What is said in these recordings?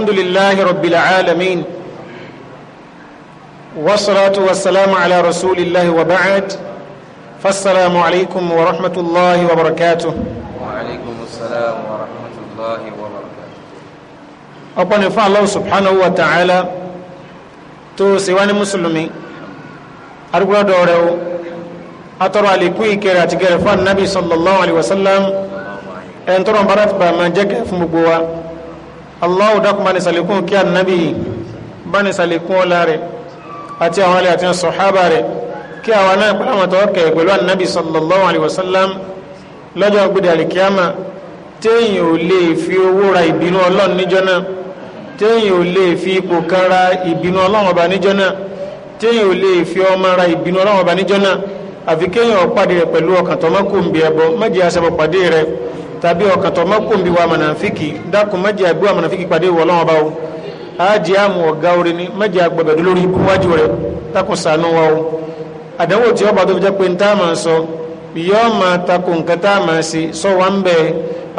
الحمد لله رب العالمين والصلاة والسلام على رسول الله وبعد فالسلام عليكم ورحمة الله وبركاته وعليكم السلام ورحمة الله وبركاته أبنى الله سبحانه وتعالى تو سيواني مسلمي أرقل دورو أترى عليكم إكرا تقرفان النبي صلى الله عليه وسلم أن ترى مبارات بما جاك في مبوا Allahu dákun bá ní sàlékún kí ànábì bá ní sàlékún ọlá rẹ̀ àti àwọn alẹ́ àti sọ̀hábà rẹ̀ kí àwọn náà pẹ̀lú àwọn tọ́wọ́ kẹ̀ pẹ̀lú ànábì sallallahu alayhi wa sallam lọ́jọ́ gbẹ̀dẹ̀ àlìkíyàmà téèyàn ò lè fi owó ra ìbínú ọlọ́run níjọ́ náà téèyàn ò lè fi ipò kan ìbínú ọlọ́run ọba níjọ́ náà téèyàn ò lè fi ọmọ ra ìbínú ọlọ́run ọba tàbí ọkàn tó mọ́kùnbí wa mọ̀nàfíkì dákun mẹ́jẹ̀ àgbé wa mọ̀nàfíkì pàdé ìwọ̀ ọlọ́wọ́n bá o ájì àmú ọ̀gá orin ní mẹ́jẹ̀ àgbẹ̀bẹ̀dú lórí ikú wájú rẹ̀ dákun wa o àdánwò tí ọba tó fi jẹ́ pé ń tá a máa sọ yọ́ máa takò nǹkan tá a máa ṣe sọ wá ń bẹ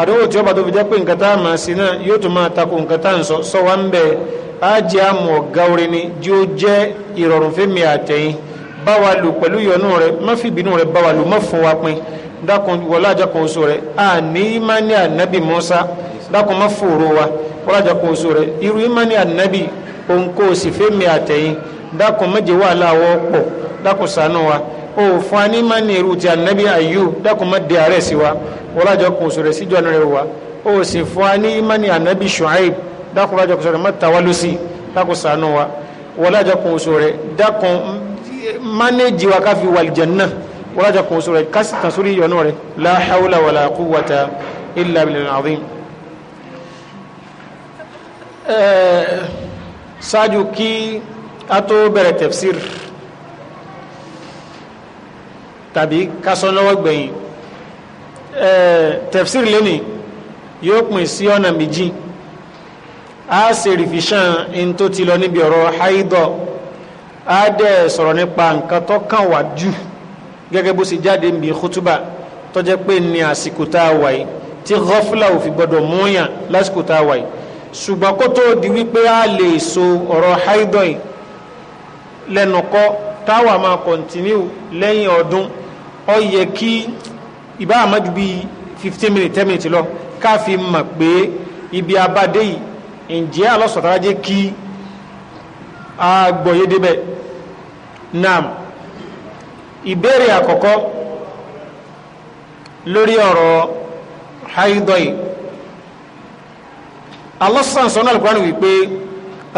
àdánwò tí ọba tó fi jẹ́ pé nǹkan tá a máa ṣe náà yóò tún máa takò nǹkan tá a ń sọ sọ wá ń bẹ ájì àmú ọ̀gá orin ní jí ó jẹ́ ìrọ̀rùn wa pin dákun wọlé àjẹkùn oṣù rẹ àní imani ànábì Musa dákun má fòrò wa wọlé àjẹkùn oṣù rẹ irú imani ànábì òun kò sì fẹmi àtẹyìn dákun méje wà láwọ pọ dákun ṣàánú wa o fún wa imani irú ti ànábì ayu dákun má di àárẹ̀ si wa wọlé àjẹkùn oṣù rẹ síjọ́ rẹ wa o sì fún wa imani ànábì Shuaib dákun wọlé àjẹkùn oṣù rẹ má ta wá lọ́sí dákun ṣàánú wa wọlé àjẹkùn oṣù rẹ dákun manéjì wa káfí wàlìjẹ náà wọ́lájà kò sọ̀rọ̀ kásì kan sórí ìyọnú rẹ̀ la hawla wala quwwata illa billahil azim ṣáájú kí a tó bẹ̀rẹ̀ tafsir tàbí kásánlọ́wọ́ gbẹ̀yìn tafsir lẹ́nìí yóò pín sí ọ̀nà méjì a ṣe rìfìṣàn in tó ti lọ níbi ọ̀rọ̀ haidọ̀ a dẹ̀ sọ̀rọ̀ nípa nǹkan tó kàn wá jù gẹ́gẹ́ bó ṣe jáde ń bi kútúbà tó jẹ́ pé ní àsìkò tá a wà yìí tí gọ́fúlà ò fi gbọ́dọ̀ múyàn lásìkò tá a wà yìí ṣùgbọ́n kó tó di wípé a lè so ọ̀rọ̀ haidọ̀ lẹ́nu kọ́ táwa máa kọ̀ntínú lẹ́yìn ọdún ó yẹ kí ìbá àmọ́jú bíi fifteen minutes ten minutes lọ ká fi mọ̀ pé ibi abadé yìí ǹjẹ́ alọ́sọ̀tàrà kí a gbọ́yé débẹ̀ náà ìbéèrè àkọ́kọ́ lórí ọ̀rọ̀ haidoi alọ́sàn sọ́nà alukuraani wípé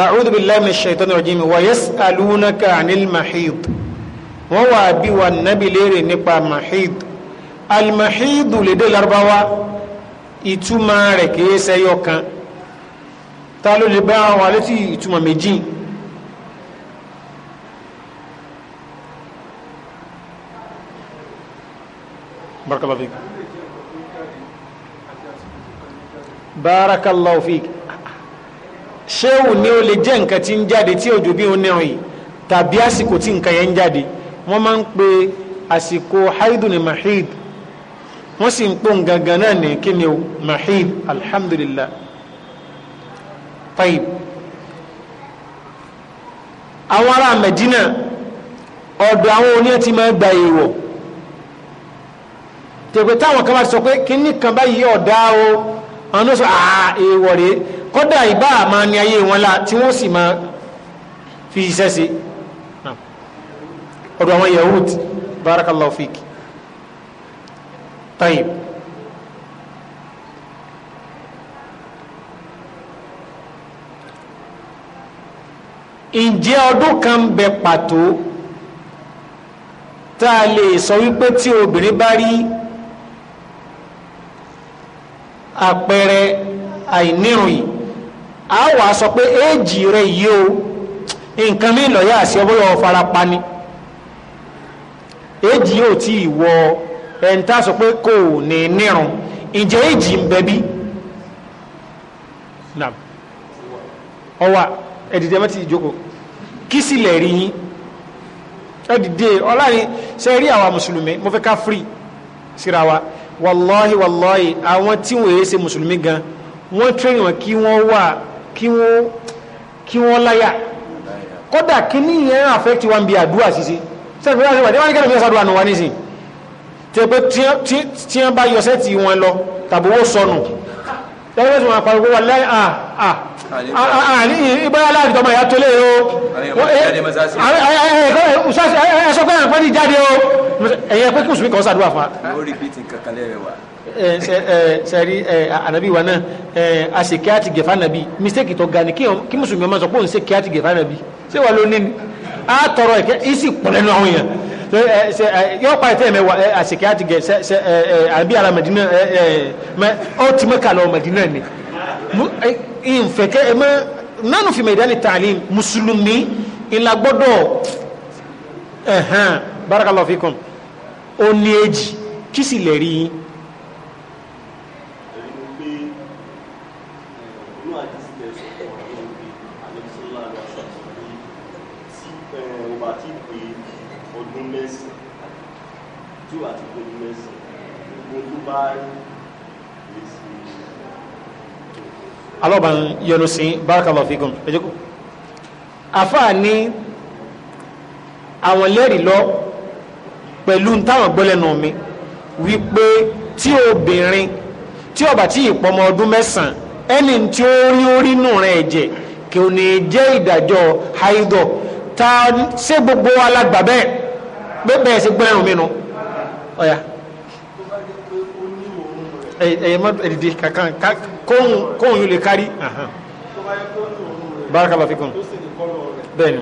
a'udhu billahi minash shaitanir rajim wa yas'alunaka 'anil mahid wọ́n wà bí wà nábì léèrè nípa mahid al-mahid lédè Lárúbáwá ìtumọ̀ rẹ̀ kìí ṣẹyọ kan ta bá wa létí ìtumọ̀ méjì barakallahu fik barakallahu fik ṣéwù ni ó lè jẹ́ nǹkan tí ń jáde tí òjò bí onírin yìí tàbí àsìkò tí nǹkan yẹn ń jáde wọ́n máa ń pe àsìkò haidu ni mahid wọ́n sì ń pòun gangan náà ní kí o mahid alhamdulillah taib àwọn ará Medina ọ̀dọ̀ àwọn oníyẹn ti máa gba èèwọ̀ tẹ̀gbẹ́ táwọn kan bá sọ pé kíní kan báyìí ọ̀dá o àwọn ló sọ àà èèwọ̀ rẹ̀ kọ́dà ìbá àmà ni ayé wọn la tí wọ́n sì máa fi iṣẹ́ ṣe ọ̀dọ̀ àwọn yahud barakallahu fiki tayyib ǹjẹ́ ọdún kan bẹ pàtó tá a lè sọ wípé tí obìnrin bá rí àpẹẹrẹ àìníròyìn a wà sọ pé éèjì rẹ yìí o nǹkan mi lọ́yà àti ọbọ̀yọ̀ farapa ni éèjì yóò tí ì wọ sọ pé kò ní nírun ìjẹ́ éèjì ń bẹ bí ọwà ẹ̀dìdẹ́ mẹ́tì kí rí yín ẹ̀dìdẹ́ ṣe rí àwa mùsùlùmí mo fẹ́ wàláhì wàláhì àwọn tí wọ́n yé ṣe mùsùlùmí gan wọ́n tẹ́rì wọn kí wọ́n wà kí wọ́n kí wọ́n láyà kódà kí ní ìyẹn àfẹ́kì wọn bí àdúrà síse sẹ́fẹ́ wọ́n ní kẹ́lẹ̀ mẹ́sàn àdúrà nù wá nísìn tí wọ́n bá yọ sẹ́ẹ̀tì wọn lọ tàbí wọ́n sọnù lẹ́yìn tí wọ́n pàrọ̀ wọ́n lẹ́yìn àní ah, ah, ah, ìbáyá láàrin tọmọ ìyá tó lé o ẹ̀ṣọ́ pé àǹfààní jáde o ẹ̀yẹ pé kùsùn kan sàdúrà fa. sẹ́rí ànábì wa náà a sì kí á ti gẹ̀fà nàbí mistake tó ga ni kí mùsùlùmí ọmọ sọ pé òun ṣe kí á ti gẹ̀fà nàbí ṣé wà ló ní ni a tọrọ ìkẹ́ ìsì pọ̀lẹ́nu àwọn èèyàn. Eh, eh, yọ pa ẹtẹ mẹwa ẹ eh, àsìkè àti gẹ sẹ sẹ ẹ ẹ àbí ara Madina ẹ ẹ mẹ ọ ti mẹ kàlọ Madina ni mu ẹ ìfẹkẹ ẹ mẹ nánú fi mẹdálì tààlìm mùsùlùmí ìlà gbọ́dọ̀ ẹhàn barakallahu fikum ó ní èjì kí àti gbogbo ẹsẹ̀ gbogbo tó bá rí èsì. alọ́ba ń yọnu sí barakallahu fikum ẹjọ́ kù àfáà ní àwọn lẹ́rìí lọ pẹ̀lú táwọn gbọ́lẹ́nu mi wípé tí obìnrin tí ọba tí ìpọmọ ọdún mẹ́sàn-án ẹni tí ó rí orí nù rẹ̀ ẹ̀jẹ̀ kí o ní jẹ́ ìdájọ́ haidọ̀ ta ṣé gbogbo alágbà bẹ́ẹ̀ bẹ́ẹ̀ ṣe gbẹ́rùn mi nu. No ọ̀yà. ẹ̀yẹ mọ́ ẹ̀dìdì kankan kóhùn yóò lè kárí. barakallahu fikum. bẹ́ẹ̀ ni.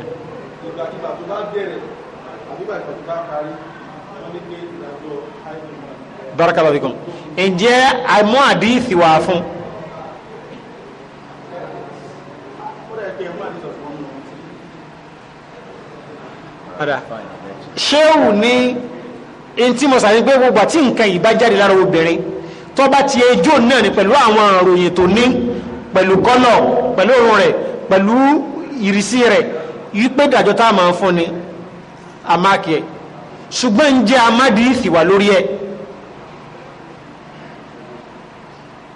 ìgbàkigbà tó bá bẹ̀rẹ̀ àbígbà tó bá kárí wọ́n ní pé ìdájọ́ ǹjẹ́ àmọ́ àdìsí wà fún. padà ní ntí mo sàrí pé gbogbo àti nǹkan ìbájáde lára obìnrin tó bá ti ejò náà ni pẹ̀lú àwọn àròyìn tó ní pẹ̀lú kọ́lọ̀ pẹ̀lú òórùn rẹ̀ pẹ̀lú ìrísí rẹ̀ yí pé dàjọ́ tá a máa ń fún ni àmáàkì ẹ̀ ṣùgbọ́n ń jẹ́ amádìí ìfìwà lórí ẹ̀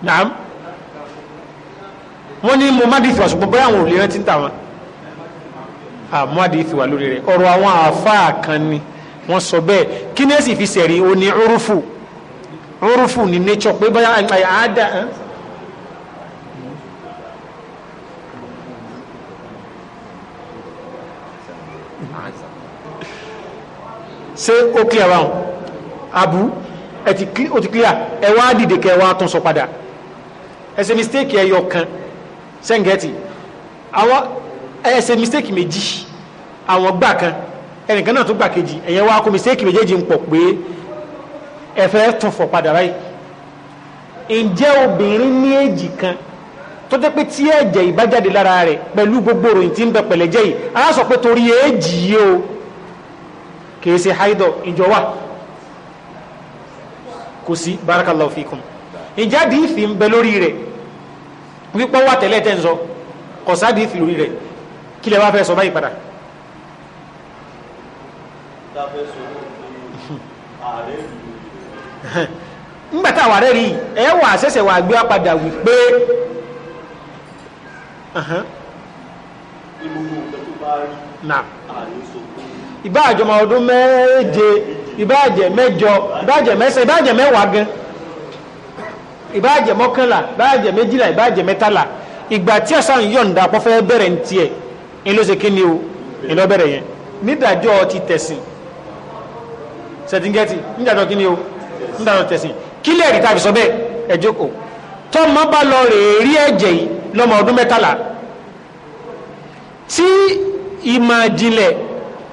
naam wọ́n ní mo má dìí ìfìwà ṣùgbọ́n bóyá àwọn òlè rántí ń tà wọn àmọ́ àdìí ìfìwà lórí rẹ̀ ọ̀rọ̀ àwọn àáfàá kan ni wọ́n sọ bẹ́ẹ̀ kí ni èsì fi sẹ̀rí o ní urufu urufu ní nature pé báyà àádá ṣé ó clear wa abu ó ti clear ẹ wá dìde kẹ wá tún sọ padà ẹ mistake ẹyọ kan sẹ́ǹgẹ̀tì àwọn ẹ mistake méjì àwọn gbà kan ẹnìkan náà tó gbà kejì ẹ̀yẹn wá kó mistake méjèèjì ń pọ̀ pé ẹ fẹ́ tún fọ̀ padà báyìí ǹjẹ́ obìnrin ní èjì kan tó jẹ́ pé tí ẹ̀jẹ̀ ìbájáde lára rẹ̀ pẹ̀lú gbogbo ròyìn tí ń bẹ pẹ̀lẹ́ jẹ́ yìí ara sọ pé torí èjì yìí o kìí ṣe haidọ̀ ìjọ wà kò sí barakallahu fikum ìjáde ìfì ń bẹ lórí rẹ̀ wípọ́ wà tẹ́lẹ̀ tẹ́ ń sọ kọ̀sádìí ìfì lórí rẹ̀ kí lè wá fẹ́ sọ báyìí padà ngbàtà wà rẹ̀ rí ẹ wà ṣẹ̀ṣẹ̀ wà gbé padà wípé uh-huh. ìbá àjọmọ ọdún méje ìbá àjẹ mẹ́jọ ìbá àjẹ mẹ́sàn ìbá àjẹ mẹ́wàá gan ìbá àjẹ mọ́kànlá ìbá àjẹ méjìlá ìbá àjẹ mẹ́tàlá ìgbà tí ọ̀sán yọ̀ǹda pọ́fẹ́ bẹ̀rẹ̀ ní tiẹ̀ ńlọ́sẹ̀kẹ́ ni o ńlọ́bẹ̀rẹ̀ yẹn nídàjọ́ ti tẹ̀sìn sẹ̀tíngẹ́tì níjàdọ̀ kí ni o níjàdọ̀ tẹ̀sìn kí lè rí tàbí sọ bẹ́ẹ̀ ẹ jókòó tọ́mọ bá lọ rè rí ẹ̀jẹ̀ yìí lọ́mọ ọdún mẹ́tàlá tí ìmọ̀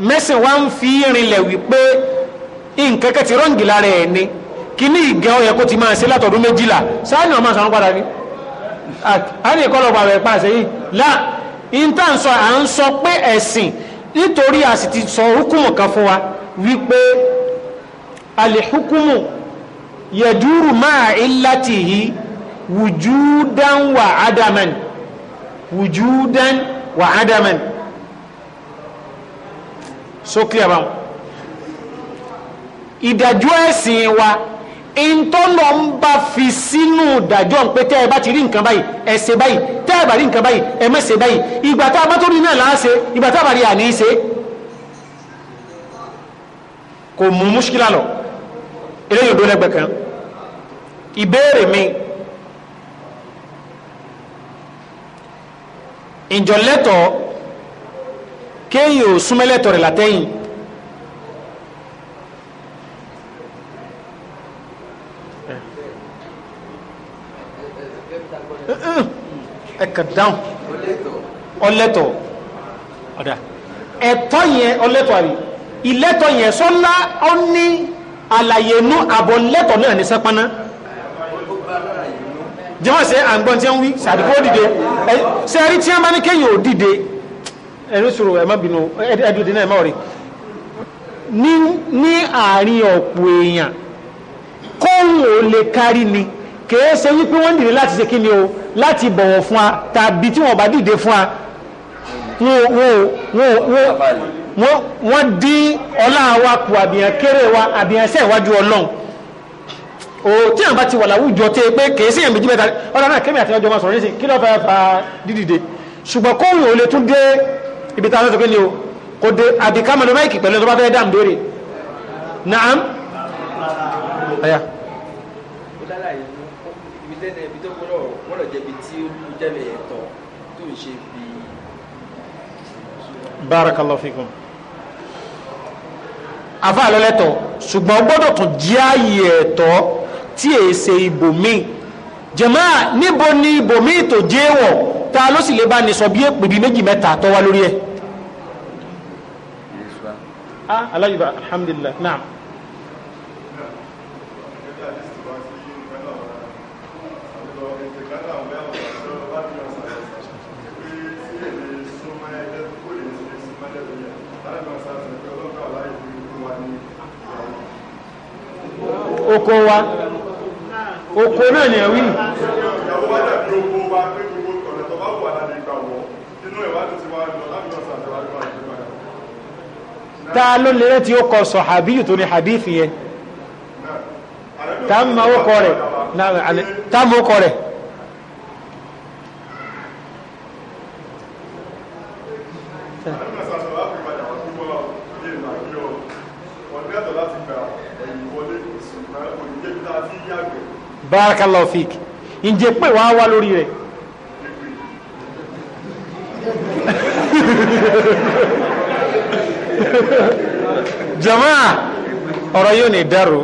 mẹ́sìn wá ń fi rinlẹ̀ wípé nkẹ́kẹ́ ti rọ́ǹgì lára ẹ̀ ni kí ní ìgẹ́ ọ̀yẹ́ kó ti máa ṣe látọ̀dún méjìlá sáàni ọmọ sàn padà ní àní ìkọlọ̀gbà rẹ̀ pàṣẹ yìí láà ìntà ń sọ à ń sọ pé ẹ̀sìn nítorí a sọ orúkún kan fún wa wípé alìhukumu yẹ̀dúrù máa illatihi wùjúdán wà ádámẹ́n wùjúdán wà ádámẹ́n so clear bá ìdájọ́ ẹ̀sìn wa ìntọ́lọ ń bá fi sínú ìdájọ́ ń pé tẹ́ ẹ bá ti rí nǹkan báyìí ẹ ṣe báyìí tẹ́ ẹ bá rí nǹkan báyìí ẹ báyìí ìgbà bá tó rí náà láá ṣe ìgbà tá a bá rí àní kò mú múṣkílà lọ eléyìí dúró lẹ́gbẹ̀ẹ́ kan ìbéèrè mi ìjọlẹ́tọ̀ kéèyàn ò súnmẹ́lẹ́tọ̀ rẹ̀ látẹ́yìn ẹ̀kà dáhùn ọlẹ́tọ̀ ọ̀dà ẹ̀tọ́ yẹn ọlẹ́tọ̀ àrí ìlẹ́tọ̀ yẹn sọ́lá ọ́ ní àlàyé inú àbọ̀ lẹ́tọ̀ náà ní sápáná jẹ́wọ́n sẹ́ àgbọn tí ó ń wí sàdúkó dìde ṣe rí tí a máa ní kéyìn ò dìde ẹ̀rú sọ̀rọ̀ ẹ̀mọ́ bínú ẹ̀dùdì náà ẹ̀mọ́ rí ní àárín ọ̀pọ̀ èèyàn kóhùn ò lè kárí ni kèé ṣe wípé wọ́n dìde láti ṣe kí ni o láti bọ̀wọ̀ fún wa tàbí tí wọ́n bá dìde fún wa wọn ò wọ́n dín ọlá wa kù àbíyàn kéré wa àbíyàn sẹ́ ìwájú ọlọ́run o tí àwọn bá ti wà láwùjọ tẹ pé kèé sí ẹ̀mí jìbẹ́ta ọ̀rọ̀ náà kémi àti ọjọ́ máa sọ̀rọ̀ nísìn kí ló fẹ́ fa dídìde ṣùgbọ́n kóòrùn ò lè tún dé ibi tá a sọ́tọ̀ pé ni o kò dé àbíká mọ̀lẹ́ máìkì pẹ̀lú ẹ̀tọ́ bá fẹ́ dáàmú béèrè naam. ọ̀ya. ó dára yìí barakallahu fikum àfa àlọ́lẹ́tọ̀ ṣùgbọ́n gbọ́dọ̀ tún jí ààyè ẹ̀tọ́ tí è ṣe ibòmíì jẹ̀mọ́ níbo ni ibòmíì tó jẹ́ wọ̀ ta ló sì lè bá ní sọ bí èpè bí méjì mẹ́ta tó wá lórí ẹ̀. ah naam. oko wa oko náà ni ẹ̀wí ta ló lè rẹ́ tí ó kọ sọ̀hábíyù tó ní hadith yẹn tá mọ́ ọkọ̀ rẹ̀ barakallahu fik ǹjẹ́ pé wàá wá lórí jamaa ọrọ yóò ní dàrú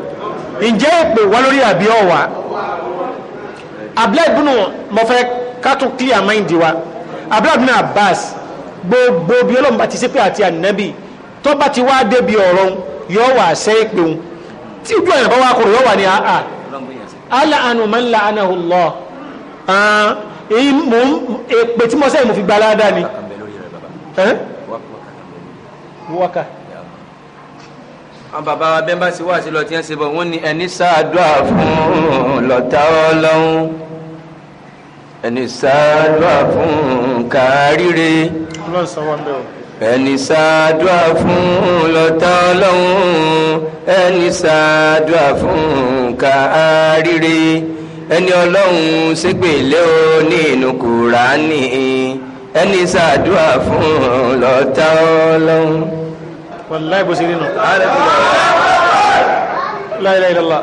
ǹjẹ́ pé wá lórí àbí ọ̀wà abdullahi bunu mọ̀fẹ́ kátún clear mind wa abdullahi bunu abbas gbogbo bí ọlọ́mùbá ti ṣépè àti ànábì tó bá ti wá débi ọ̀rọ̀ yóò wà sẹ́ẹ̀pẹ̀ tí ojú ọ̀yàn wá kọ̀rọ̀ wà ní aláàánú man la'anahu Allah ah, èpè tí mo sẹ́yìn mo fi gba aláàdá ni wọ́ká àwọn bàbá wa bẹ́ẹ̀ bá sì wá sí lọ tí wọ́n ṣe bọ̀ wọ́n ní ẹni sáàdúrà fún lọ́tà ọlọ́run ẹni sáàdúrà fún kàárírè. ọlọ́run sọ wọn bẹ́ẹ̀ o ẹni ṣáàdúà fún lọ́tà ọlọ́run ẹni ṣáàdúà fún káàárire ẹni ọlọ́run ṣègbèlé o ní inú kùránì ẹni ṣáàdúà fún lọ́tà ọlọ́run. wàláì bó ṣe rí nù. láìláì lọ́la.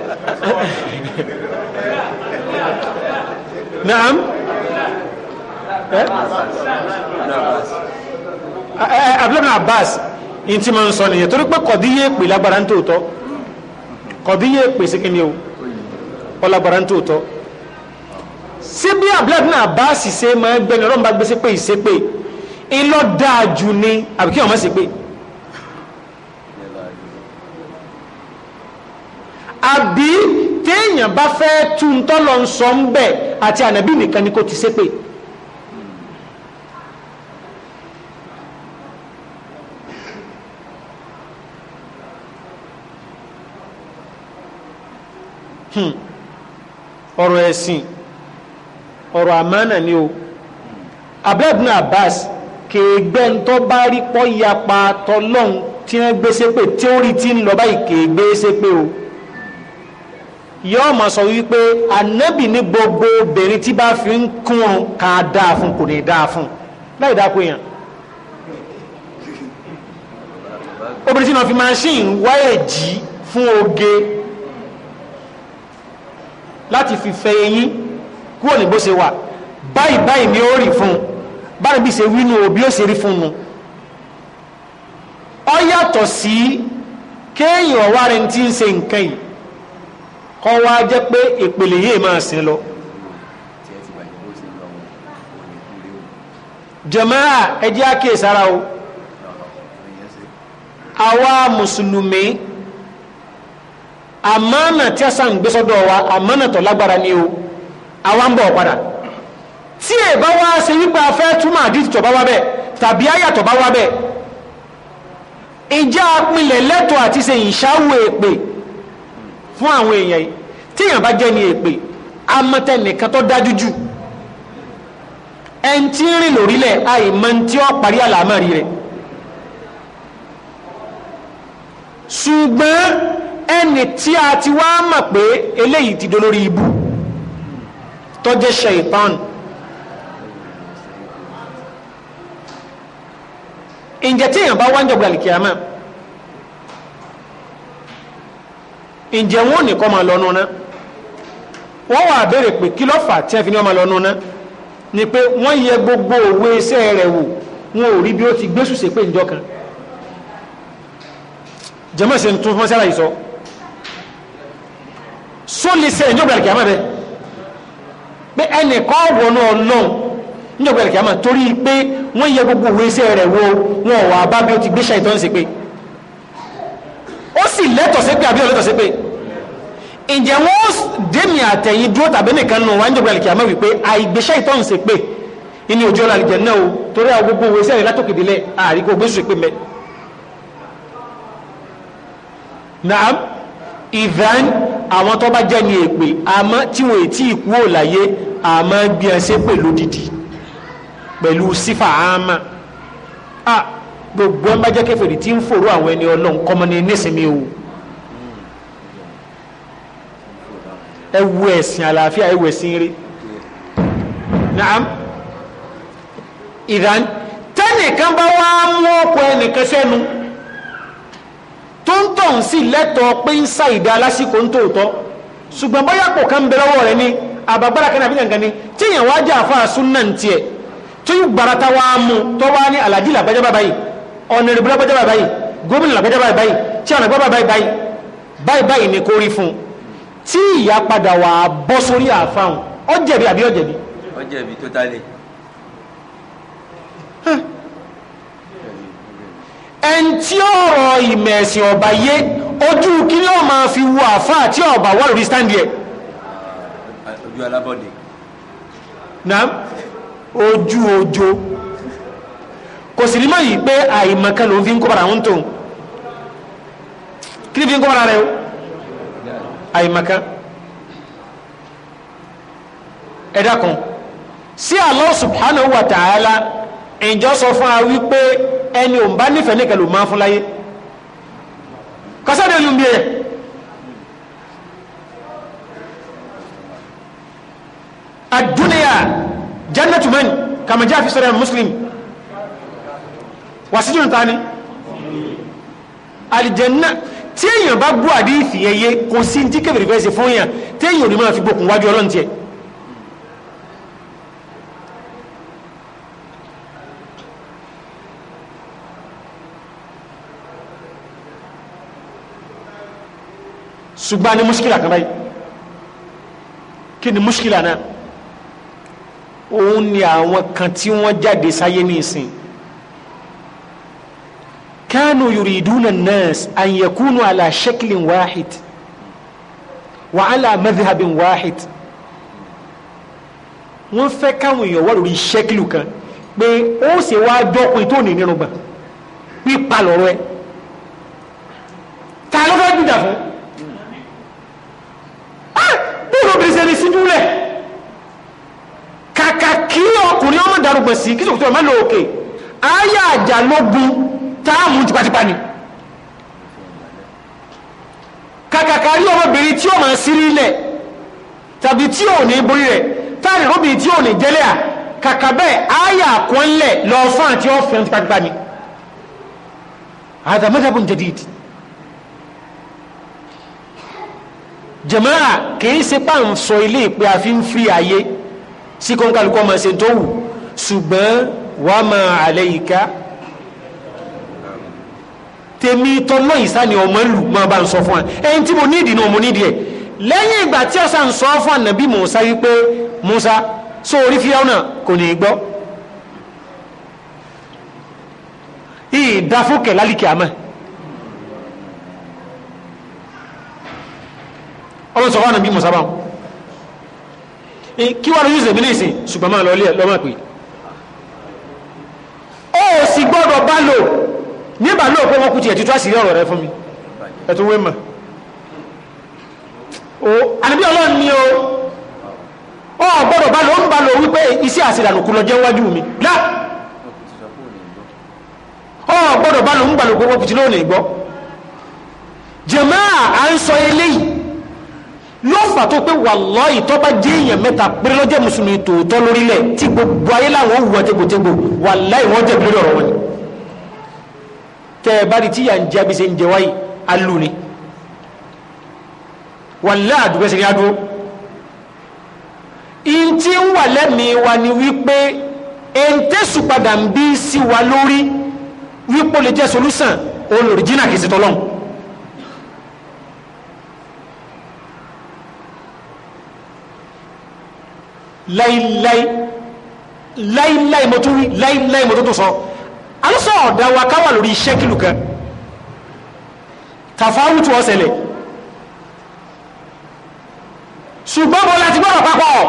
naam. Eh? Eh, eh, abdullahi abbas in ti ma ń sọ nìyẹn torí pé kọ̀díyé pè lágbára ń tòótọ́ kọ̀díyé pè sí kíni o ọlágbára ń tòótọ́ sí bí abdullahi abbas ṣe ma ń gbẹni ọlọ́run bá gbé sí pé ìṣe pé ilọ́ dáa jù ni àbí kí wọ́n má sí pé àbí téèyàn bá fẹ́ tún tọ́lọ sọ ń bẹ̀ àti ànàbí nìkan ni kò ti ṣépè. pé Hmm. ọrọ ẹ̀sìn ọrọ àmánà ni o abdulabdul abbas kèégbẹ́ ńtọ́ bá rí pọ́ yapa tọlọ́hun tí wọ́n gbé sépè tí ó rí tí ń lọ báyìí kèégbé sépè o yọ́ọ́ mà sọ wípé anábì ní gbogbo obìnrin tí bá fi ń kún un ká dáa fún kò ní dáa fún láì dáko yàn obìnrin tí wọ́n fi máa ṣì ń wá èjì fún oge láti fi fẹ eyín kúrò ní bó ṣe wà báyìí báyìí ni ó rí fún un báyìí bí ṣe wínú òbí ó ṣe rí fún un ọ yàtọ̀ sí kéèyàn wá rẹ ti ń ṣe nǹkan yìí kọ́ wá jẹ́ pé ìpele yìí máa sin lọ. jàmáà ẹjẹ́ àkíyèsára o àwa mùsùlùmí. Amana tí a sàn gbé sọ́dọ̀ wa àmánà tó lágbára ni o àwa ń bọ̀ padà tí ẹ bá wá ṣe wípé a fẹ́ túmọ̀ àdìsí tó bá wá bẹ́ẹ̀ tàbí àyà tó bá wá bẹ́ẹ̀ ìjà apilẹ̀ lẹ́tọ̀ àti ṣe ìṣàwò èpè fún àwọn èèyàn yìí tíyàn bá jẹ́ ni èpè amọ̀tẹ́nìkan tó dájú jù ẹn tí ń rìn lórílẹ̀ àìmọ́ tí ó parí àlàmọ́ rí rẹ̀ ṣùgbọ́n ẹni tí a ti wá mọ̀ pé eléyìí ti dolórí ibú tó jẹ́ ṣaitan ǹjẹ́ tí èèyàn bá wá ń jọ̀gbà lìkìyàmá ǹjẹ́ wọn ò ní kọ́ máa lọ́nu náà wọ́n wà béèrè pé kí ló fà tí ẹ fi ní ọmọ lọ́nu náà ni pé wọ́n yẹ gbogbo òwe iṣẹ́ rẹ̀ wò wọn ò rí bí ó ti gbésùsè pé ìjọ kan jẹ́mọ̀sẹ̀ ń tún fún sára yìí sọ sólè sẹ́yìn níjọba ìrìkì àmà bẹ pé ẹnì kan wọnú ọlọ́run níjọba ìrìkì àmà torí pé wọ́n yẹ gbogbo òwe iṣẹ́ rẹ̀ wo wọn ò wá bá bí ó ti gbé ṣáà ìtọ́ ń ṣe pé ó sì lẹ́tọ̀ sí pé àbí ọ̀lẹ́tọ̀ sí pé ǹjẹ́ wọ́n dèmi àtẹ̀yìn dúró tàbí nìkan nù wá níjọba ìrìkì àmà wípé àìgbéṣẹ́ ìtọ́ ń ṣe ìní ojú ọ̀la àlìjẹ náà o torí àwọn gbogbo òwe iṣẹ́ rẹ̀ látòkèdélẹ̀ àríkò gbésù pé mẹ́ naam ìdán àwọn tó bá jẹ́ ní èpè àmọ́ tí wọ́n ti kú ò láyé àmọ́ bí ẹ ṣe pẹ̀lú dídì pẹ̀lú sífà àmà à gbogbo ẹ bá jẹ́ kèfèrí tí ń fòrò àwọn ẹni ọlọ́run kọ́mọ ní nísìnyí o ẹ wo ẹ̀sìn àlàáfíà ẹ wo ẹ̀sìn rí naam ìdán tẹ́nìkan bá wá mú ọkọ̀ ẹnìkan sẹ́nu tó ń tọ̀ ń sì lẹ́tọ̀ọ́ pé ń sa ìdá lásìkò ń tòótọ́ ṣùgbọ́n bóyá kò kán bẹ lọ́wọ́ rẹ ni àbàgbára kan àbí kankan ni tí èèyàn wá jẹ́ àfa súnà ń tiẹ̀ tó yí gbarata wá mu tó wá ní alájí làgbájá bàbá yìí ọ̀nàrìbù làgbájá gómìnà làgbájá bàbá tí ànàgbá bàbá báyìí báyìí báyìí ni kò rí fún un tí ìyá padà wà á bọ́ sórí àfa hàn ó jẹ̀bi àbí ó jẹ̀bi. ó jẹ̀bi tó tá ẹn tí ọ̀rọ̀ ìmẹ̀ẹ̀sìn ọ̀bá yé ojú kí ni ó fi wo àfáà tí ọ̀bá wà lórí stand yẹ. ojú alábọ̀dé. naam ojú ojo kò sì ní mọ̀ yìí pé àìmọ̀kan ló ń fi ń kóbára ń tòun kí ni fi ń kóbára rẹ o àìmọ̀kan ẹ̀dá sí Allah subhanahu wa ta'ala ìjọ sọ fún wa wípé ẹni ò ń bá nífẹ̀ẹ́ nìkan ló máa fún láyé kásádé olùmí ẹ̀ àdúnìyà jannatu man kama jaa fi sọ́rọ̀ muslim wàsíjùn ta ni alìjẹ̀nà tí èèyàn bá gbọ́ àdífì ẹyẹ kò sí ní tí kẹfẹ̀rẹ̀ fẹ́ ṣe fún èèyàn tí èèyàn ò ní máa fi gbókùn wájú ọlọ́ntì ẹ̀ ṣùgbọ́n a ní muskila kan báyìí kí ni muskila náà òun ni àwọn kan tí wọ́n jáde sáyé ní ìsìn kánú yuriduna nas an yakunu ala sheklin wahid wa ala madhhabin wahid wọ́n fẹ́ káwọn èèyàn wà lórí ṣẹ́kìlù kan pé ó sì wá dọ́kùn tó ní nínú gbà pípa lọ́rọ́ ẹ̀ ta ló fẹ́ gbìdà fún gbọ̀n sí kí sòkòtò ọ̀mọ́ lò òkè ayé àjà lógun táàmù tipátipá ni kàkàkàrí ọmọbìnrin tí ó máa sírí lẹ̀ tàbí tí ò ní borí rẹ̀ táàrí róbìnrin tí ò ní jẹ́lẹ̀ à kàkà bẹ́ẹ̀ ayé àkọ́ńlẹ̀ lọ fún àti ọ̀fẹ́ tipátipá ni هذا مذهب جديد jama'a kìí ṣe pa ń sọ ilé ìpè àfi ń fi àyè sí kọ́ńkàlùkọ́ máa ṣe tó wù ṣùgbọ́n wàá máa àlẹ́ yìí ká tèmi tọ́lọ́ ìsáni ọmọ ìlú máa bá ń sọ fún wa ẹni tí mo nídìí náà mo nídìí ẹ̀ lẹ́yìn ìgbà tí ọ̀sà ń sọ fún ànàbí Musa wípé Musa sọ orí fíráwọ́ náà kò ní í gbọ́ ìdáfókè lálìkè àmọ́ ọlọ́run ànàbí Musa báwọn kí wàá lóyún ìsèmílẹ̀ ìsìn ṣùgbọ́n máa lọ lọ́mọ pé ó sì gbọ́dọ̀ bá lò nígbà lóò pé wọ́n kú ti ẹ̀tútù àṣírí ọ̀rọ̀ rẹ fún mi ẹ̀tún wé mọ̀ o àníbí ọlọ́run ni o ó gbọ́dọ̀ bá lò ó ń bá lò wípé iṣẹ́ àṣìlànà kú lọ jẹ́ wájú mi lá ó gbọ́dọ̀ bá lò ń gbà lò pé wọ́n kú ti lónìí gbọ́ jẹ̀máà à ń sọ eléyìí lọ́fà tó pé wàláhì tó bá jẹ́ èèyàn mẹ́ta péré lọ́jẹ́ mùsùlùmí tòótọ́ lórílẹ̀ tí gbogbo ayé làwọn òwúwa tégbòtégbò wàláhì wọ́n jẹ́ lórí ọ̀rọ̀ wọn ni tẹ́ ẹ bá di tíyà ń jẹ́ abisẹ́ ń jẹ wáyé alú ni wàláhì àdúgbẹ́sẹ̀ ní adúró in wà lẹ́mìí wa ni wípé èntẹ́sù padà ń bí sí wa lórí wípé ó jẹ́ solúsàn olùrìjínà kìí láíláí láíláí mo tún rí láíláí mo tún tún sọ alásọ ọ̀dà wa káwà lórí iṣẹ́ kìlù kan tàfáwùtù ọ̀sẹ̀lẹ̀ ṣùgbọ́n mo láti gbọ́dọ̀ papọ̀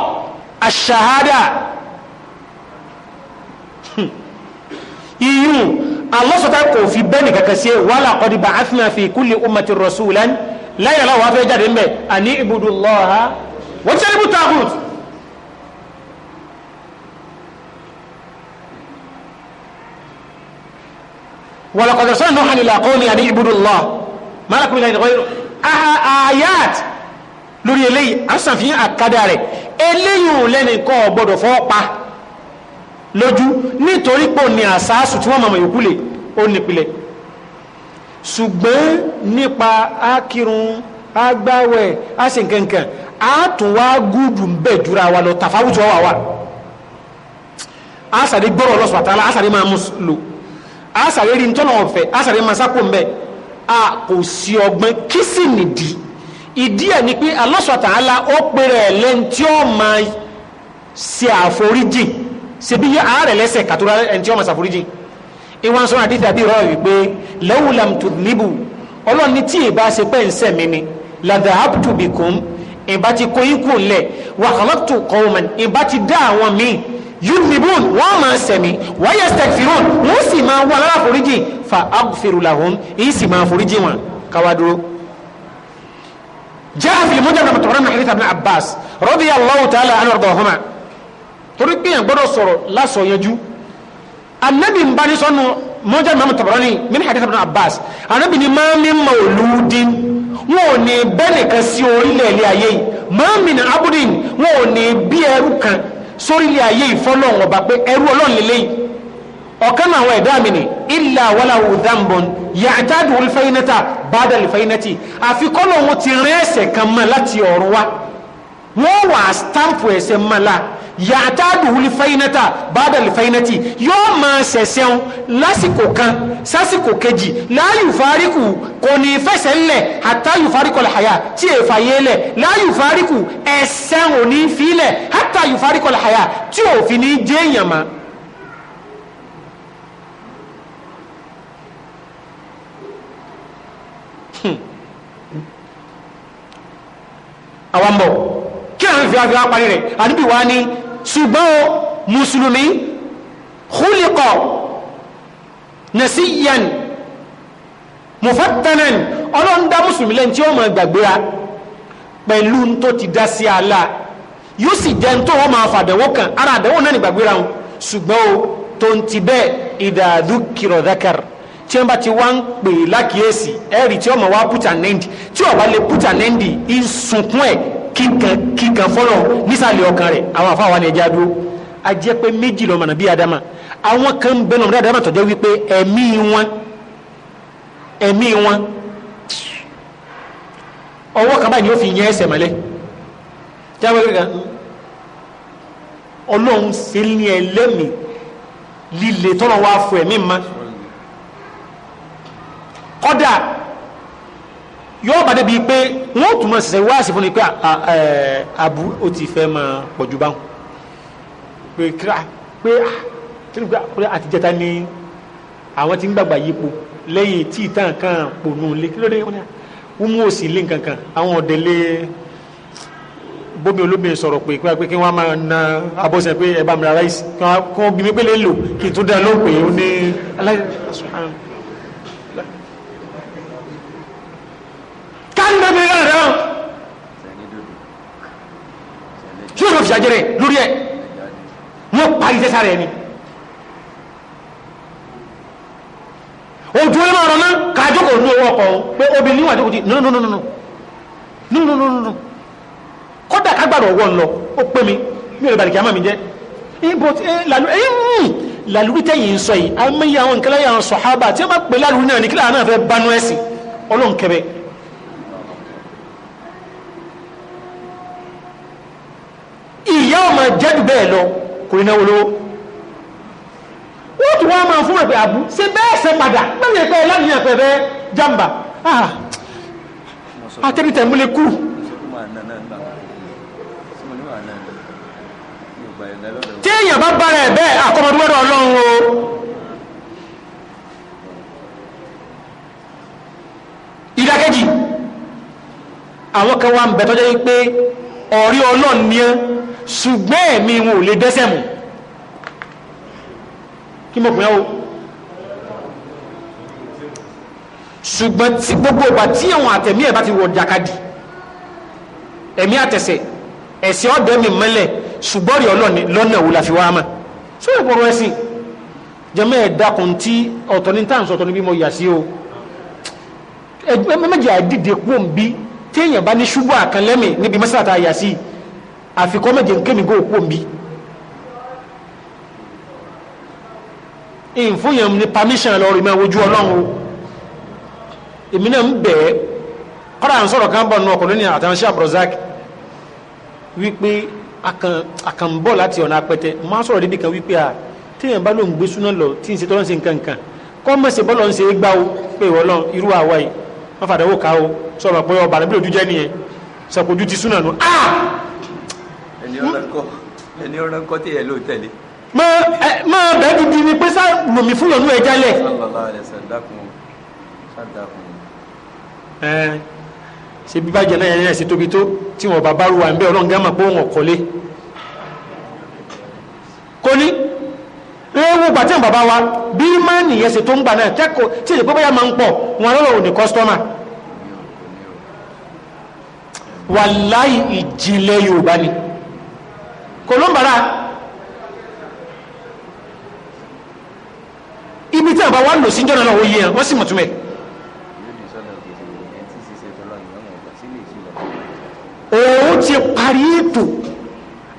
àṣàhádà iyun alọ́sọ̀tà kò fi bẹ́ẹ̀ni kankan sí wàhálà ọdí bá àfihàn fi kulli ummati rasulan láyé aláwọ̀ afẹ́ jáde ń bẹ̀ àní ibùdó lọ́ha wọ́n ti ṣe ibùdó ولقد رسلنا نوحا الى قومه ان اعبدوا الله ما لكم من غيره آيات lórí eléyìí asàfihàn àkádà rẹ̀ eléyìí ò lẹ́ni kọ́ gbọ́dọ̀ fọ́ pa lójú nítorí pò ní àsáàsù tí wọ́n mọ̀mọ̀ yòókù lè ó nípìlẹ̀ ṣùgbọ́n nípa ákírun agbáwẹ̀ aṣèǹkankan àtúnwá gúdù ń bẹ̀ jura wa lọ tàfáwùjọ wà wà àṣàdé gbọ́rọ̀ lọ́sọ̀tàlá àṣàdé máa mú lò àṣàrí rí ntọ́nà ọ̀fẹ́ àṣàrí masako mbẹ́ a kò sí ọgbọ́n kí sì nìdí ìdí ẹ̀ ni pé Allah Ta'ala ó pèrè ẹ̀ lẹ́ni tí ó máa ṣe àforíjì ṣebí yẹ ààrẹ lẹ́sẹ̀ kàtúrà ẹni tí ó máa ṣàforíjì ìwọ̀n sọ́nà àdìtà bí rọ̀ wípé lawlam tudnibu ọlọ́run ní tí ìbá ṣe pẹ́ ń sẹ̀ ni la dhahabtu bikum ìbá ti kó ikú lẹ̀ wa khalaqtu qawman ìbá ti dá àwọn míì yunibun wọ́n máa sẹ̀mí wáyé stẹ̀fìrún wọ́n sì máa wà lára foríjì fa agbèrúlàhún èyí sì máa foríjì wọn káwá dúró. jẹ́ fil mujam mọ̀tọ́rọ́ náà hadith ibn abbas radiyallahu ta'ala anhu ọ̀dọ̀húnmá torí pé yẹn gbọ́dọ̀ sọ̀rọ̀ lásọ̀ yanjú anabi ń bá ní sọ́nu mujam mọ̀tọ́rọ́ ni min hadith ibn abbas anabi ni máa mi mawludin wọn ò ní bẹ́ẹ̀ nìkan sí orílẹ̀ ilé ayé yìí máa mi ní abudin wọn ò ní bí ẹrú kan sórílẹ̀ ayé ìfọ́lọ́hún ọba pé ẹrú ọlọ́run lélẹ́yìí ọ̀kan àwọn ẹ̀dá mi ni ilà wàláwù dàmbọ̀n yàtàdù olùfẹ́yìnẹ́ta bàdà olùfẹ́yìnẹ́tì àfikọ́lọ́hún ti rẹ́ ẹ̀sẹ̀ kan mọ́ láti ọ̀run wa wọ́n wà stampu ẹ̀sẹ̀ mọ́ la yàtàdù lifainata bàdà lifainati yóò máa ṣẹ̀ṣẹ̀un lásìkò kan sásìkò kejì láàyù fáríkù kò ní fẹsẹ̀ ńlẹ̀ àtàyù fáríkù làhàyà tí è fàyè lẹ̀ láàyù fáríkù ẹ̀sẹ̀ ò ní fílẹ̀ àtàyù fáríkù làhàyà tí ò fi ní jẹ́ èèyàn hmm. àwọn mbọ̀ kí àwọn ìfìyàfìyà parí rẹ̀ àdúgbò wa ní ṣùgbọ́n o mùsùlùmí khuliqa nasiyan mufattanan ọlọ́run dá mùsùlùmí lẹ́yìn tí ó máa gbàgbéra pẹ̀lú tó ti dá sí àlá yóò sì jẹ́ tó wọ́n máa fàdánwò kan ara àdánwò náà ní gbàgbéra wọn ṣùgbọ́n o tó ń ti bẹ́ẹ̀ ìdàdúkìrọ̀ dákàrà tí wọn bá ti wá ń pè lákìyèsí ẹ̀rí tí ọmọ wa put an end tí ọba lè put an end ẹ̀ kíkan fọ́lọ̀ nísàlẹ̀ ọkàn rẹ̀ àwọn na ni ẹja a jẹ́ pé méjì lọ́mọ nàbí adama àwọn kan ń bẹ́ẹ̀ adama tọ́jọ́ wípé ẹ̀mí wọn ẹ̀mí wọn ọwọ́ kan báyìí ni ó fi yẹn ẹsẹ̀ mọ́lẹ̀ jáwé kankan ọlọ́run ṣe ní ẹlẹ́mìí líle tọ́lọ́ wá fọ ẹ̀mí yóò bá débi pé wọ́n tún mọ̀ ṣẹ̀ṣẹ̀ wáàsí fún ni pé àbú ó ti fẹ́ máa pọ̀jù báwọn pé kíra pé ah, kíra àtijọ́ta ni àwọn ti ń gbàgbà yípo lẹ́yìn tí ìtàn kan pònú lé kí ló dé wọ́n mú òsì lé nǹkan kan àwọn ọ̀dẹ̀ lé bómi olóbìnrin sọ̀rọ̀ pé pé kí wọ́n máa na abọ́sẹ̀ pé ẹ bá mi ra ráìsì kí wọ́n bí mi pé lè lò kí n tún dá lóhùn pé ó ní aláìsàn ṣe ajẹ́rẹ̀ lórí ẹ̀ wọ́n pa iṣẹ́ sára ẹni ojú ẹ̀rọ ọ̀rọ̀ náà kájọ́kọ̀ ní owó ọkọ̀ o pé obìnrin níwájú kò tí no no no no no no no no no kódà kágbàdo ọwọ́ ń lọ ó pé mi mi ò lè bàlìkì àmà mi jẹ́ làlúrí tẹ́yìn ń sọ yìí àmì àwọn nǹkan láyé àwọn sọ̀hábà tí wọ́n bá pè lálùrí náà ní kíláà náà fẹ́ banú ẹ̀sìn ọlọ́nkẹ́bẹ̀ẹ́ ma jẹ́dù bẹ́ẹ̀ lọ kò iná olówó wọ́n tún wọ́n máa fún ẹ̀pẹ̀ àbú se bẹ́ẹ̀ ṣe padà lẹ́yìn ẹ̀pẹ́ láníyàn ẹ̀pẹ́ bẹ́ẹ̀ Ah, àtẹ́bìtẹ̀ múlẹ̀ kú tí èèyàn bá bára ẹ̀ bẹ́ẹ̀ àkọmọdúnwọ́dọ̀ ọlọ́run o ìdákẹ́jì àwọn kan wá ń bẹ tọ́jọ́ wípé ọ̀rí ọlọ́run ni ẹ́ ṣùgbọ́n ẹ̀mí wọn ò lè dẹ́sẹ̀ mú kí mo pín ọ́ ṣùgbọ́n tí gbogbo ìgbà tí àwọn àtẹ̀mí ẹ̀ bá ti wọ̀ jàkadì ẹ̀mí àtẹ̀sẹ̀ ẹ̀sẹ̀ ọ̀dọ́ mi mẹ́lẹ̀ ṣùgbọ́n rí ọlọ́ni lọ́nà òwúlà fi wá mọ́ ṣé ìpò ọ̀rọ̀ ẹ̀sìn jẹ́mẹ́ ẹ̀dàkùn tí ọ̀tọ̀ ní táǹsì ọ̀tọ̀ ní bí mo yà sí o ẹgbẹ́ mẹ́jọ àdìdè pò ń bí téèyàn bá ní ṣubú àkànlẹ́mì níbi mẹ́sàtà yà sí i àfikọ́ méje ń kémi góò kó mi ìfúnyàn ní permission lọ rí máa wojú ọlọ́run èmi náà ń bẹ̀ ẹ́ kọ́ra ń sọ̀rọ̀ kan bọ̀ nù ọkùnrin ní àtàwọn Abdulrazak wípé àkànbọ̀ láti ọ̀nà apẹtẹ máa sọ̀rọ̀ débi kan wípé à téèyàn bá ló ń gbé súná lọ tí ń ṣe tọ́lọ́ ń ṣe nǹkan nǹkan kọ́ mọ̀ ṣe bọ́lọ́ ń ṣe gbá o pé ìwọ lọ́n irú àwa yìí wọ́n fàdánwò ká o sọ̀rọ̀ pé ọba rẹ̀ jẹ́ nìyẹn sọ̀kòjú ti súná nù ẹni ọlọ́kọ́ ẹni ọlọ́kọ́ tí ẹ ló tẹ̀lé. máa bẹ́ẹ̀ dúdú ni pé sáà lòmí fún lọ́nú ẹja lẹ̀. ṣe bí bàjẹ́ náà yẹn ẹ̀sìn tóbi tó tí wọn bàbá ruwa ń bẹ́ ọlọ́run gá mà pé òun ọ̀kọ́lé. kò ní ewu gbàtí àwọn bàbá wa bí máa nìyẹn ṣe tó ń gbà náà kẹ́kọ̀ọ́ tí èdè pípẹ́ yà máa ń pọ̀ wọn lọ́rọ̀ òní kọ́sítọ́mà wàláì ìjìnlẹ̀ yorùbá ni kòlómbàrà ibi tí àbá wa lò sí jọ́nà náà wọ́n yé wọ́n sì mọ̀ túmẹ̀. òun ti parí ètò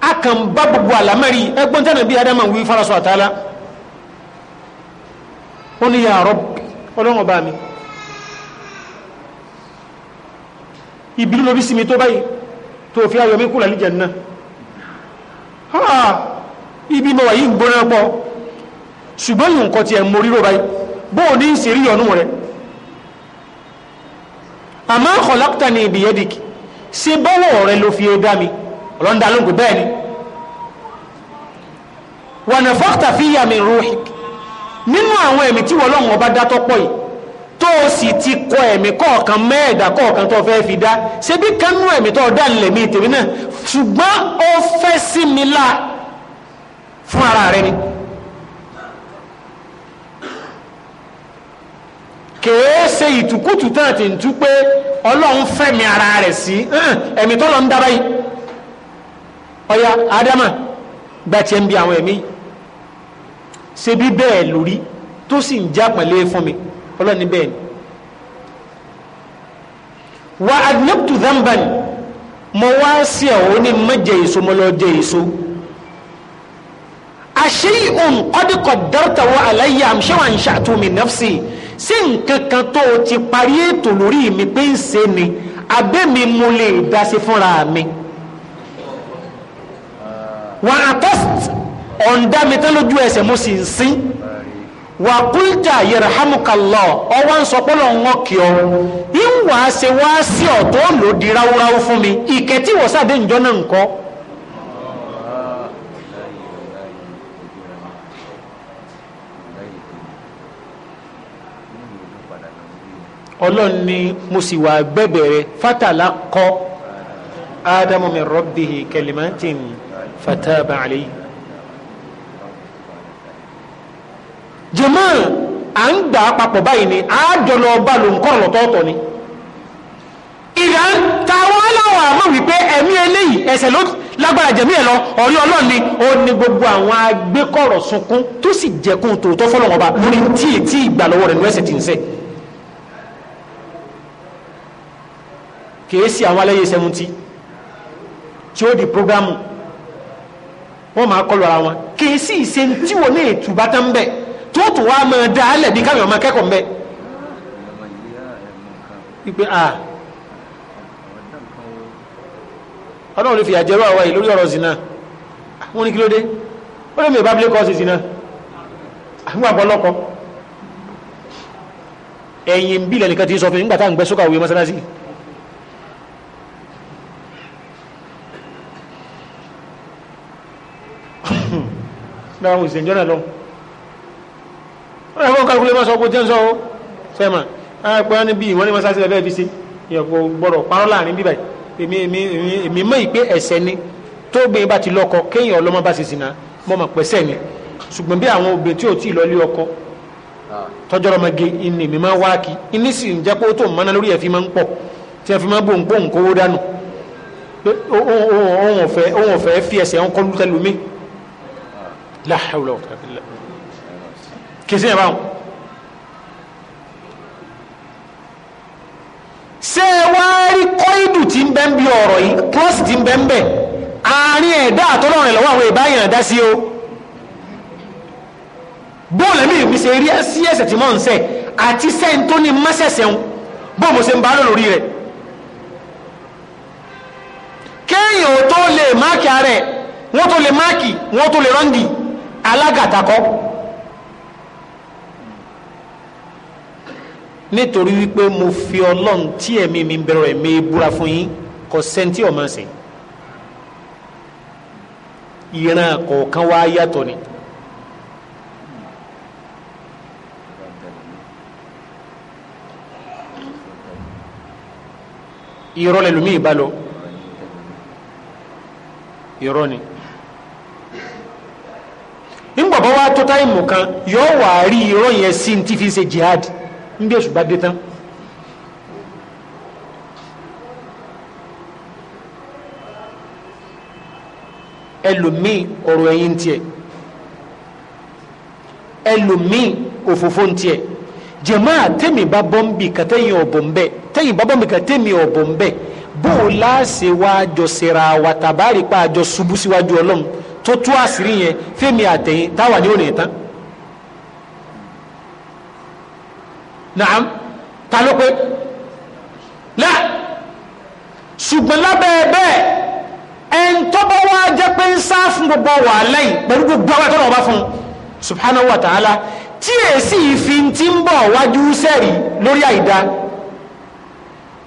a kàn bá gbogbo àlámẹ́rí ẹgbọ́n tẹ́lẹ̀ bí adama wí faraṣọ àtàlá ó ní ya Rabbi ọlọ́run ọba mi ìbílú lóbi sinmi tó báyìí tó fi ayọ̀ mi kúrò àlìjẹ̀ náà ibi mọ̀ wáyé gbóná pọ̀ ṣùgbọ́n yìí nǹkan ti ẹ̀ mọ̀ ríro báyìí bóò ní ìsìrí ọ̀nù rẹ̀ àmọ́ ọ̀làkùtà ní ibi yẹ́dìk ṣe bọ́wọ́ rẹ̀ ló fi dá mi ọ̀lọ́ndà ló ń gbé bẹ́ẹ̀ ni wọ̀nà fọ́kítà fi rúhìk nínú àwọn ẹ̀mí tí wọ́n tó o sì ti kọ ẹ̀mí kọ̀ọ̀kan mẹ́ẹ̀dá kọ̀ọ̀kan tó fẹ́ fi dá ṣe bí kánú ẹ̀mí tó dá nílẹ̀ mi tèmi náà ṣùgbọ́n ó fẹ́ sí mi la fún ara rẹ ni. kèé ṣe ìtùkùtù tán àti ìtú pé ọlọ́run fẹ̀mí ara rẹ̀ sí ẹ̀mí tó lọ ń dábàá yìí ọ̀ya ádámà gbàtí ẹ̀ ń bi àwọn ẹ̀mí ṣe bí bẹ́ẹ̀ lórí tó sì ń jápẹ̀lé fún mi ọlọ́ni bẹ́ẹ̀ ni wa adnabtu dhanban mo wá sí ẹ̀wọ́ ní mẹ́jẹ èso mo lọ jẹ èso àṣeyìn qad qaddarta wa alayya am shay'an ansha'tu min nafsi sí nǹkan kan tó o ti parí ètò lórí mi pé ń ṣe ni abẹ́mi mo lè dá sí fúnra mi wà á tọ́st ọ̀ǹda mi tán lójú ẹsẹ̀ mo sì ń sin wà kúlìjà yẹ̀rẹ̀hámùkàlọ́ ọwọ́ ń sọ pọ́lọ̀ ń wọ́n kí ọ ìwà ṣe wá sí ọ̀tọ́ ló ráúráú fún mi ìkẹ́ tí wọ́n náà nǹkan. ọlọ́run mo sì wà gbẹ́bẹ̀rẹ̀ fatala kọ́ ádámù mi rabbihi kalimatin fataba jẹ́mọ́ à ń gbà á papọ̀ báyìí ni àájọlọ ọba ló ń kọ́rọ̀ lọ́tọ́ọ̀tọ̀ ni ìdá táwọn aláwọ̀ àmọ́ wípé ẹ̀mí eléyìí ẹsẹ̀ ló lágbára jẹ̀mí ẹ̀ lọ ọ̀rí ọlọ́ọ̀ni ó ní gbogbo àwọn agbẹ́kọ̀rọ̀ sunkún tó sì jẹ̀kún tòótọ́ fọlọ́wọ́n ọba lórí tí ì tí ì gbà lọ́wọ́ rẹ̀ nú ẹsẹ̀ tí ń sẹ́ kèésì àwọn alẹ́yẹ sẹ́mùtì tí ó di programu wọ́n máa kọlu ara wọn kèésì ìsẹ́ntí ní ètùbátán tó tó wá máa dá alẹ̀ bí káwọn ọmọ kẹ́kọ̀ọ́ mẹ́. wípé a ọlọ́run ló fi àjẹrò àwa yìí lórí ọ̀rọ̀ zina wọ́n ní kí ló dé ó lè mi ìbá bílẹ̀ kọ́ọ̀sì zina àwọn àbọ̀lọ́kọ ẹ̀yìn bílẹ̀ nìkan ti sọ fún mi nígbà tá à ń gbẹ sókà òwe mọ́sálásí. náà wọ́n sì wọ́n rẹ̀ fọ́n kálukú lè máa sọ ọkọ̀ jẹ́nsọ́ ó sẹ́mà ẹgbẹ́ ní bí wọ́n ní masasi lẹ́fẹ́ fi sí ìyẹ̀kọ́ gbọ́dọ̀ parọ́ láàrin bíbà èmi mọ̀ ìpé ẹ̀sẹ̀ ni tó gbé bá ti lọ́kọ kéèyàn ọlọ́mọ bá sì sìnà mọ́ mọ̀ pẹ́sẹ̀ ni ṣùgbọ́n bí àwọn obìnrin tí ò tí ì lọ́lé ọkọ tọ́jọ́rọ́mọge ìní mi máa wá kí ìní sì ń jẹ́ pé ó tó mọ́ná lórí ẹ̀fí máa ń pọ̀ tí ẹ̀fí máa ń bò ń dànù òun ò fi ẹsẹ̀ ń kọ́ lùtẹ́lùmí kìsìn ẹ̀bá wọn. se ẹ wá rí kọ́ìdù tí ń bẹ́ ń bí ọ̀rọ̀ yìí klọ́sì tí ń bẹ́ ń bẹ̀ àárín ẹ̀dá àtọ́lọ́rìn lọ́wọ́ o bóòlù mi mi ṣe rí sí ẹsẹ̀ tí mò ń sẹ̀ àti sẹ́yìn tó ní mọ́sẹ̀sẹ̀ ń bó mo ṣe ń bá lò lórí rẹ̀ kéèyàn ò tó lè máàkì ara ẹ̀ tó lè máàkì wọ́n tó lè rọ́ǹdì alágàtàkọ́. nítorí wípé mo fi ọlọ́run tí ẹ̀mí mi bẹ̀rẹ̀ mi búra fún yín kò sẹ́ńtì ọ̀mọ̀ sí ìran kọ̀ọ̀kan wá yàtọ̀ ni. Ìrọ̀ irọ́ lẹ́lùmí ìbálò Ìrọ̀ ni ńgbọ̀bọ̀ wá tó táìmù kan yóò wà á rí ìrọ̀ yẹn sí ti fi ṣe jihad. ń bí èṣù bá dé tán ẹlòmíì ọ̀rọ̀ ẹ̀yìn tiẹ̀ ẹlòmíì òfófó tiẹ̀ jẹ̀máà tẹ́mi bá bọ́m̀bì kàtẹ́yìn ọ̀bọ̀ ń bẹ̀ bá bọ́m̀bì kàtẹ́mi ọ̀bọ̀ ń bẹ̀ o láàṣẹ wá jọ sera wa pa àjọ ṣubú síwájú ọlọ́run tó tú àṣírí yẹn fẹ́mi àtẹ̀yìn táwa ni ó nìyẹn tán. nàám ta ló pé lẹ́ ṣùgbọ́n lábẹ́ bẹ́ẹ̀ ẹn tó bá wá jẹ́ pé ń sá fún gbogbo wà lẹ́yìn pẹ̀lú gbogbo àwọn ẹ̀tọ́ náà bá fún subhanahu wa ta'ala tí èsì ìfi ti ń bọ̀ wájú sẹ́rì lórí àìdá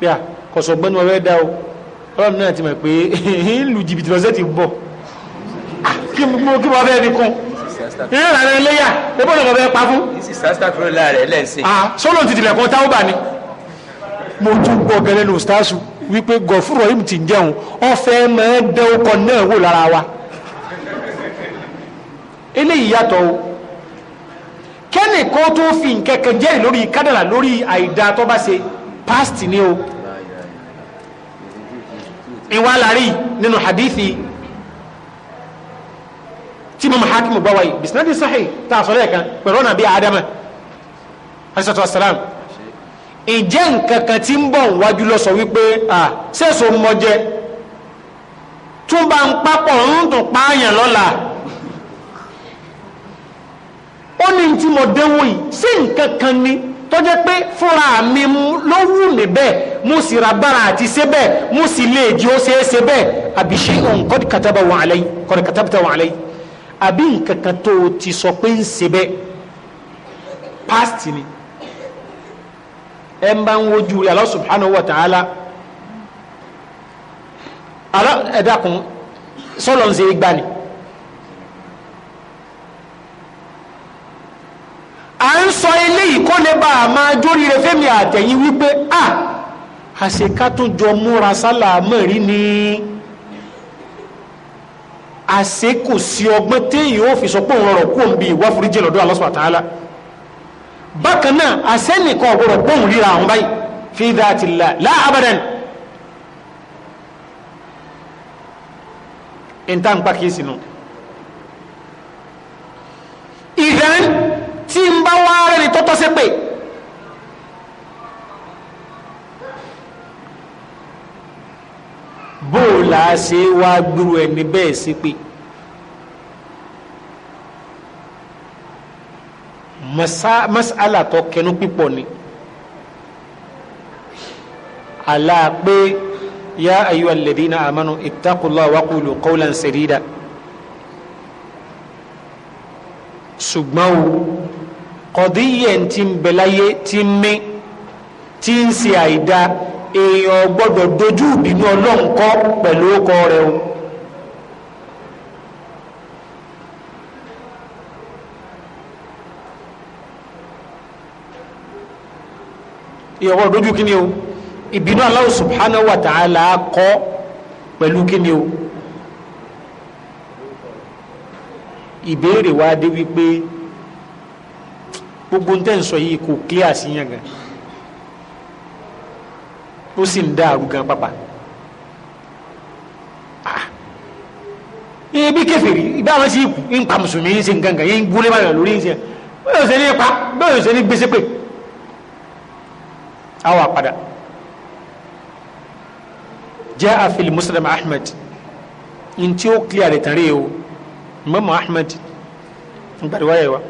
bíà kọ̀sọ̀ gbẹ́nu ọ̀rẹ́ dá o ọlọ́run náà ti mọ̀ pé ìlú jìbìtì lọ́sẹ̀ ti bọ̀ ah, kí wọ́n fẹ́ẹ́ ní kún nínú ìlànà iléyà ebó lọ́kọ̀ bẹ́ẹ̀ pa fún. yìí sì sásítà fúnra láàrẹ̀ lẹ́sìn. Ah, sọ́lọ́n ti tilẹ̀kùn táwọn bá ní. mo tún gbọ́ gẹ́lẹ́ ní ustaasu wípé gọ̀fúrọ̀ yìí ti ń jẹun ọ̀fẹ́ máa ń dẹ́ ọkọ̀ náà wò lára wa. eléyìí yàtọ̀ o kẹ́nì kó tó fi nkẹ́kẹ́ jẹ́rìí lórí kádàrà lórí àìdá tó bá ṣe past ni o. ìwà lárí nínú hadithi tí mo mahakim gbọ́ wáyé bisinadi sahih tá a sọ lẹ́ẹ̀kan pẹ̀lú ọ̀nà bíi adama alisatu wasalam ìjẹ́ nǹkan kan tí ń bọ̀ wájú lọ sọ wípé à sẹ́sọ mọ́jẹ tún bá ń papọ̀ ń tún pààyàn lọ́la ó ní tí mo dẹ́wọ́ yìí sí nǹkan kan ni tó jẹ́ pé fúnra mi ló wù mí bẹ́ẹ̀ mo sì ra bára àti ṣe mo sì lè jí ó ṣe é ṣe bẹ́ẹ̀ àbíṣe òun qad kataba wa alay qad katabta wa alay àbí nǹkan kan tó o ti sọ pé ń ṣe bẹ́ẹ̀ past ni ẹ máa ń wojú rẹ Allah subhanahu wa ta'ala ala dákun sọlọ ń ṣe é gbani. à ń sọ eléyìí kó lè a máa jórí rẹ fẹmi àtẹ̀yìn wípé a ah, àṣekátó múra sálà mọ́rí ni. Ah, àṣé kò sí ọgbọ́n téèyàn ó fi sọ pé òun rọrọ̀ kó ń bi ìwà foríjì lọ́dọ̀ Allah subhanahu wa ta'ala bákan náà àṣẹ nìkan ọ̀gbọ́dọ̀ gbóhùn ríra àwọn báyìí fi dhatillah la abadan ìta ń pa kìí sínú. ìdán tí ń bá wá rẹ́ni tọ́tọ́ sí pé bóòlà ṣe wá gbúrú ẹni bẹ́ẹ̀ sí pé masala tó kẹnu pípọ̀ ni àlá pé yá ayyuha alladhina amanu ittaqullaha wa qulu qawlan sadida ṣùgbọ́n o kọ̀díyẹ̀ tí ń bẹ̀láyé tí ń mí tí ń ṣe àìdá èèyàn dojú ìbínú ọlọ́run kọ́ pẹ̀lú ọkọ rẹ̀ o èèyàn dojú kí ni o ìbínú Allah subhanahu wa ta'ala kọ́ pẹ̀lú kí ni o ìbéèrè wa dé wípé gbogbo ń tẹ́ ń sọ yìí kò sí yàn gan ó sì ń dá àrú gan pápá ah. ibi kẹfìrí ibà wọn sì kú ń pa mùsùlùmí ń ṣe nǹkan kan yẹn ń gbólé báyọ̀ lórí ń ṣe bẹ́ẹ̀ ṣe ní pa bẹ́ẹ̀ ṣe ní gbèsè pé àwọn àpàdà jẹ́ àfihàn Muslim Ahmed ntí ó clear rẹ̀ o mọ́mọ́ Ahmed gbàdúrà yẹ wa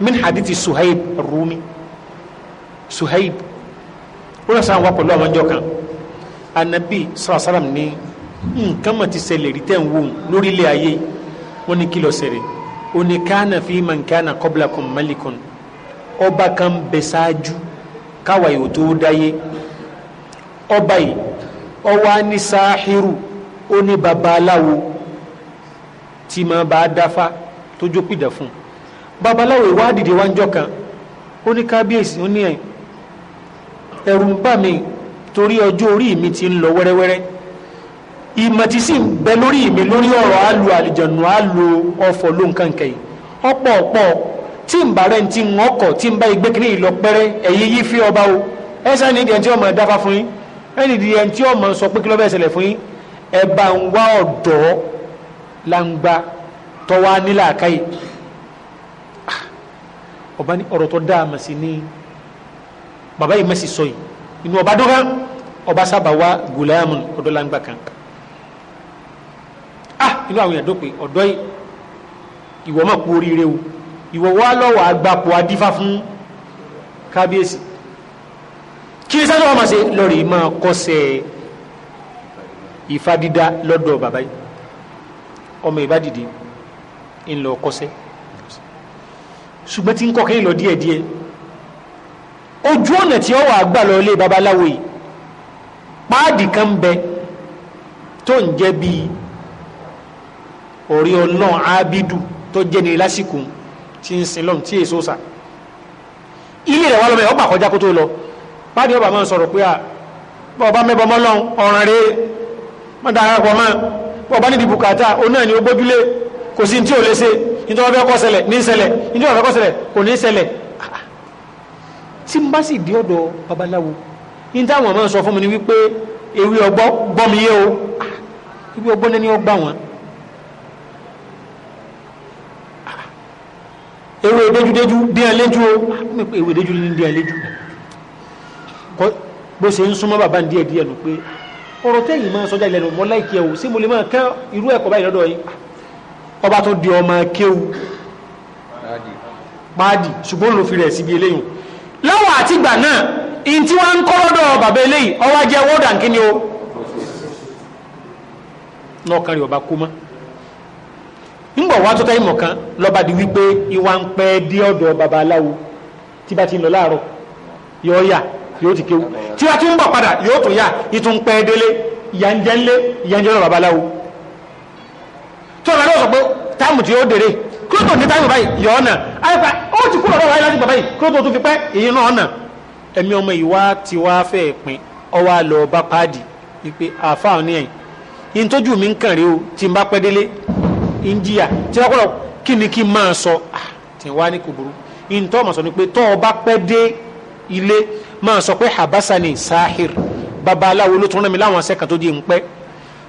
min hadithi Suhaib Rumi Suhaib ó lọ sàn wá pẹ̀lú àwọn ọjọ́ kan anabi sàlàsàlàm ní nǹkan mọ̀ ti ṣẹlẹ̀ rí tẹ̀ ń wò lórí ilé ayé wọn ni kí lọ ṣẹlẹ̀ ó ní kánà fi man kánà qablakum malikun ọba kan bẹ ṣáájú káwa yóò tó dáyé ọba yìí ọwọ́ á ní ó ní babaláwo tí máa bá a dáfá tó jó pìdà fún un babaláwo ìwádìí wáńjọ kan ó ní kábíyèsí ó ní ẹ̀yìn ẹ̀rù ń bà mí torí ọjọ́ orí mi ti ń lọ wẹ́rẹ́wẹ́rẹ́ ìmọ̀ tí sì ń bẹ lórí mi lórí ọ̀rọ̀ alu àlìjànù alu ọ̀fọ̀ ló nǹkan kẹ̀yìn ọ̀pọ̀ ọ̀pọ̀ tí ń bá rẹ̀ ń ti ń ọkọ̀ tí ń bá igbé kiri ìlọ pẹ́rẹ́ ẹ̀yí yí fi ọba o ẹ sá ní ìdíyẹn tí ọmọ dáfa fún yín ẹ ní ìdíyẹn tí ọmọ sọ pé kí ló bẹ́ẹ̀ ṣẹlẹ̀ fún yín ẹ bá ń wá ọ̀dọ́ langba tọ́wá nílà káyì ah, ọba ní ọ̀rọ̀ tó dáa mà sí ní bàbá yìí mẹ́sì sọ yìí inú ọba dọ́gán ọba sábà wá gùlámù kan ah inú àwọn èèyàn dópin ọ̀dọ́ yìí ìwọ máa kú oríire o ìwọ wá lọ́wọ́ àgbàpọ̀ adífá fún kábíyèsí kí ni sáyẹn wọn máa ṣe lọ́ọ̀rì máa kọ́sẹ̀ ìfadídá lọ́dọ̀ bàbá yìí ọmọ ìbádìdì ńlọ kọ́sẹ̀ ṣùgbọ́n tí ń kọ́ kẹ́yìn ojú ọ̀nà tí ó wà gbà lọ ilé babaláwo yìí páàdì kan bẹ tó ń jẹ́ bíi orí ọlọ́run ábídù tó jẹ́ ní lásìkò tí ń sin lọ́run tí èso sà ilé rẹ̀ wá lọ́mọ ẹ̀ ọgbà kọjá kó tó lọ páàdì ọba máa ń sọ̀rọ̀ pé à bọ́ọ̀bá mẹ́bọ mọ́lọ́run ọ̀ràn rẹ̀ mọ́ta ara pọ̀ máa bọ́ọ̀bá nídìí bùkátà ó náà ni ó gbójúlé kò sí ní tí ò lè ṣe ní tí wọ́n fẹ́ kọ́ ṣẹlẹ̀ ní ṣẹlẹ̀ ní tí wọ́n fẹ́ kọ́ ṣẹlẹ̀ kò ní ṣẹlẹ̀ tí n bá sì dé ọ̀dọ̀ babaláwo ní táwọn máa sọ fún mi ni wípé ewé ọgbọ́ gbọ́mi yé o ah, ewé ọgbọ́ ní ọgbà wọn ah, ewé déjúdéjú díẹ̀ léjú o ah, ewé déjú ní díẹ̀ léjú bó ṣe ń súnmọ́ bàbá díẹ̀ díẹ̀ nù pé ọ̀rọ̀ tẹ́yìn máa ń sọjá ìlẹ́nu mọ́ láìkí ẹ̀wò sí mo lè máa kẹ́ irú ẹ̀kọ́ báyìí lọ́dọ̀ yìí ọba tó di ọmọ kéwu páàdì ṣùgbọ́n ló fi rẹ̀ síbi eléyìí lọ́wọ́ àtìgbà náà in tí wọ́n ń kọ́rọ́dọ̀ bàbá eléyìí ọwá jẹ́ wọ́dà ni o náà ọba kú mọ́ ńgbọ̀ wá tó kan lọ́ba di wípé ìwà ń pẹ́ dé ọ̀dọ̀ babaláwo tí bá ti lọ láàárọ̀ yóò yà yóò ti kéwu tí ń bọ̀ padà yóò tún kí ló tó ní táyọ̀ báyìí yọ̀ ọ̀nà àyẹ̀fà ó ti kúrò lọ́wọ́ láti bàbá yìí kí tó tún fi pẹ́ èyí náà ọ̀nà ẹ̀mí ọmọ ìwá ti wá fẹ́ pin ọwọ́ àlọ́ bá páàdì wípé àfa ní ẹ̀yìn yín tójú mi ń kàn rí o tí n bá pẹ́ délé ń jìyà tí wọ́n kọ́ kí ni kí n máa sọ ah, tí wàá ní kò burú yín tó ọmọ sọ ni pé tó o bá pẹ́ dé ilé máa sọ pé habasani sahir babaláwo ló tún rán mi láwọn sẹ́kà tó di ń pẹ́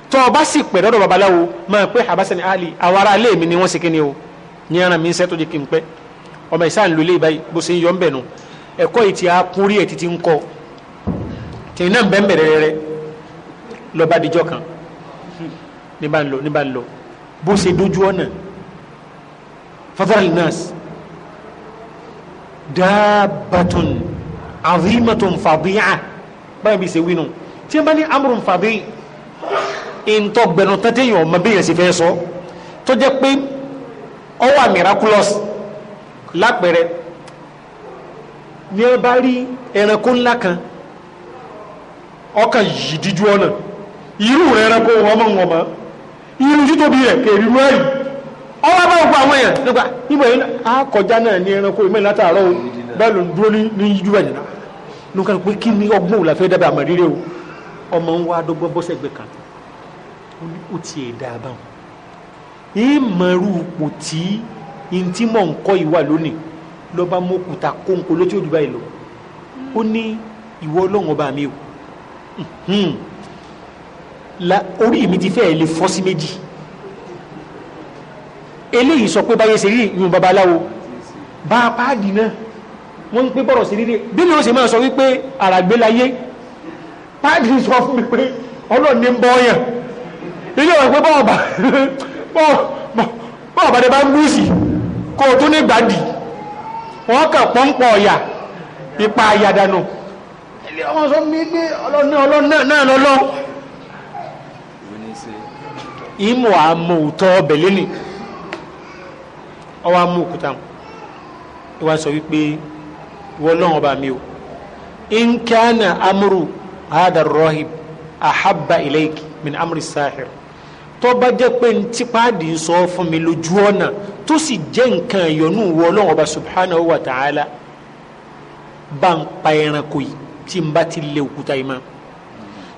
tó o bá sì pẹ́ ali àwọn ará ilé mi ni wọ́n ṣe kí ni o ní ẹran mi ń sẹ́tọ́ di kí n pẹ́ ọmọ ìsáà ń lo ilé ìbáyìí bó ṣe ń yọ ń bẹ̀ nu ẹ̀kọ́ yìí ti á kún rí ẹ̀ títí ń kọ́ tìǹ náà bẹ́ẹ̀ bẹ̀rẹ̀ rẹ lọ́ba àdìjọ́ kan ní bá ń lọ ní bá ń bó ṣe dójú ọ̀nà fafal nas dábàtún àzímàtún fàdíyà báyìí bí ṣe wínú tí wọ́n bá ní amúrùn fàdíyà ìntọ́gbẹ̀nù tẹ́tẹ́yìn ọ̀mọ bí yẹn sì fẹ́ sọ tó jẹ́ pé. ọ wà miraculous lápẹẹrẹ ní ẹ bá rí ẹranko ńlá kan ọkàn yìí díjú ọ̀nà irú rẹ ẹranko wọn mọ̀ wọn mọ̀ irú títóbi rẹ kèrì rú ẹ̀rí ọwọ́ bá gbogbo àwọn èèyàn nípa nígbà yìí á kọjá náà ní ẹranko ìmọ̀ látàárọ̀ o bẹ́ẹ̀ ló ń dúró ní yíjú ẹ̀yìn náà pé kí ni ọgbọ́n dábàá ìmọ̀rú ipò tí ntí mọ̀ ń kọ́ ìwà lónìí lọ́ba mọ́kúta kóńkó lójú òdù báyìí lọ ó ní ìwọ ọlọ́run ọba mi o orí mi ti fẹ́ẹ̀ lè fọ́ sí méjì eléyìí sọ pé báyé ṣe rí ìyún babaláwo bá a páàdì náà wọ́n ń pé bọ̀rọ̀ sí rírẹ̀ bí mi ò sì máa sọ wípé àràgbélayé páàdì sọ fún mi pé ọlọ́run ń bọ́ ọyàn ilé ọ̀rọ̀ pé bọ́ọ̀ bá bọ́ ọ̀bàdẹ bá ń búùsì kó o tún ní gbàdì wọn kà pọ́npọ̀ ọ̀yà ipa àyàdànù ilé ọmọ sọ mi ní ọlọ́nà ọlọ́nà náà lọ́lọ́ ìmọ̀ àmọ̀ òótọ́ ọbẹ̀ lẹ́nì ọwọ́ amú òkúta ìwà sọ wípé wọ́n lọ́wọ́ bá mi o tó bá jẹ́ pé ń tí páàdì ń sọ fún mi lójú ọ̀nà tó sì jẹ́ nǹkan ìyọnú wọ ọlọ́run ọba subhanahu wa ta'ala bá ń pa ẹranko yìí tí n bá ti lé òkúta yìí mọ́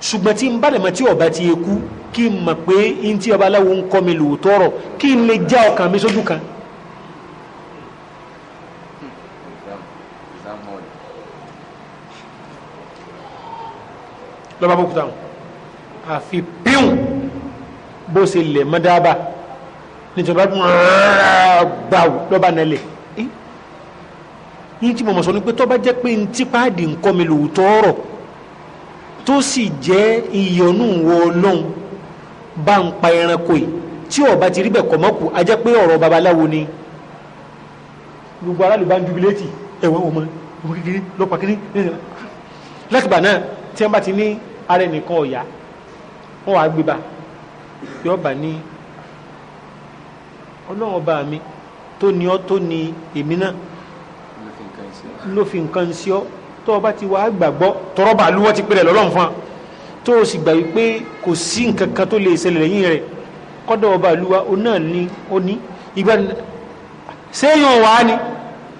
ṣùgbọ́n tí n bá dàmọ́ tí ọba ti kú kí n mọ̀ pé n tí ọba aláwo ń kọ́ mi lòótọ́ rọ̀ kí n lè já ọkàn mi sójú kan. lọ́ba bó àfi bó ṣe lẹ̀ mọ́ dábàá nítorí bá gbàù lọ́ba nílẹ̀ yìí tí mo mọ̀ sọ ni pé tó bá jẹ́ pé ntí páàdì nǹkan mi lòótọ́ ọ̀rọ̀ tó sì jẹ́ ìyọnú wọ ọlọ́run bá ń pa ẹranko yìí tí ọba ti rí bẹ̀ kọ̀ mọ́kù a jẹ́ pé ọ̀rọ̀ babaláwo ni gbogbo aráàlú bá ń jubiléètì ẹ̀wọ̀n ọmọ ọmọ kékeré lọ́pàá kiri lẹ́tìgbà náà tí wọ́n bá ti ní ara ẹnìkan wọ́n wàá gbé bá yóò bá ní ọlọ́run mi tó ní ọ tó ní èmi náà ló fi nǹkan sí ọ tó o bá ti wàá gbàgbọ́ tọrọ bá lúwọ́ ti pèrè lọ́lọ́run fún wa tó o sì gbà wípé kò sí nǹkan kan tó lè ṣẹlẹ̀ lẹ́yìn rẹ̀ kọ́dọ̀ ọba àlúwa ó náà ní ó ní ìgbà séèyàn wà á ni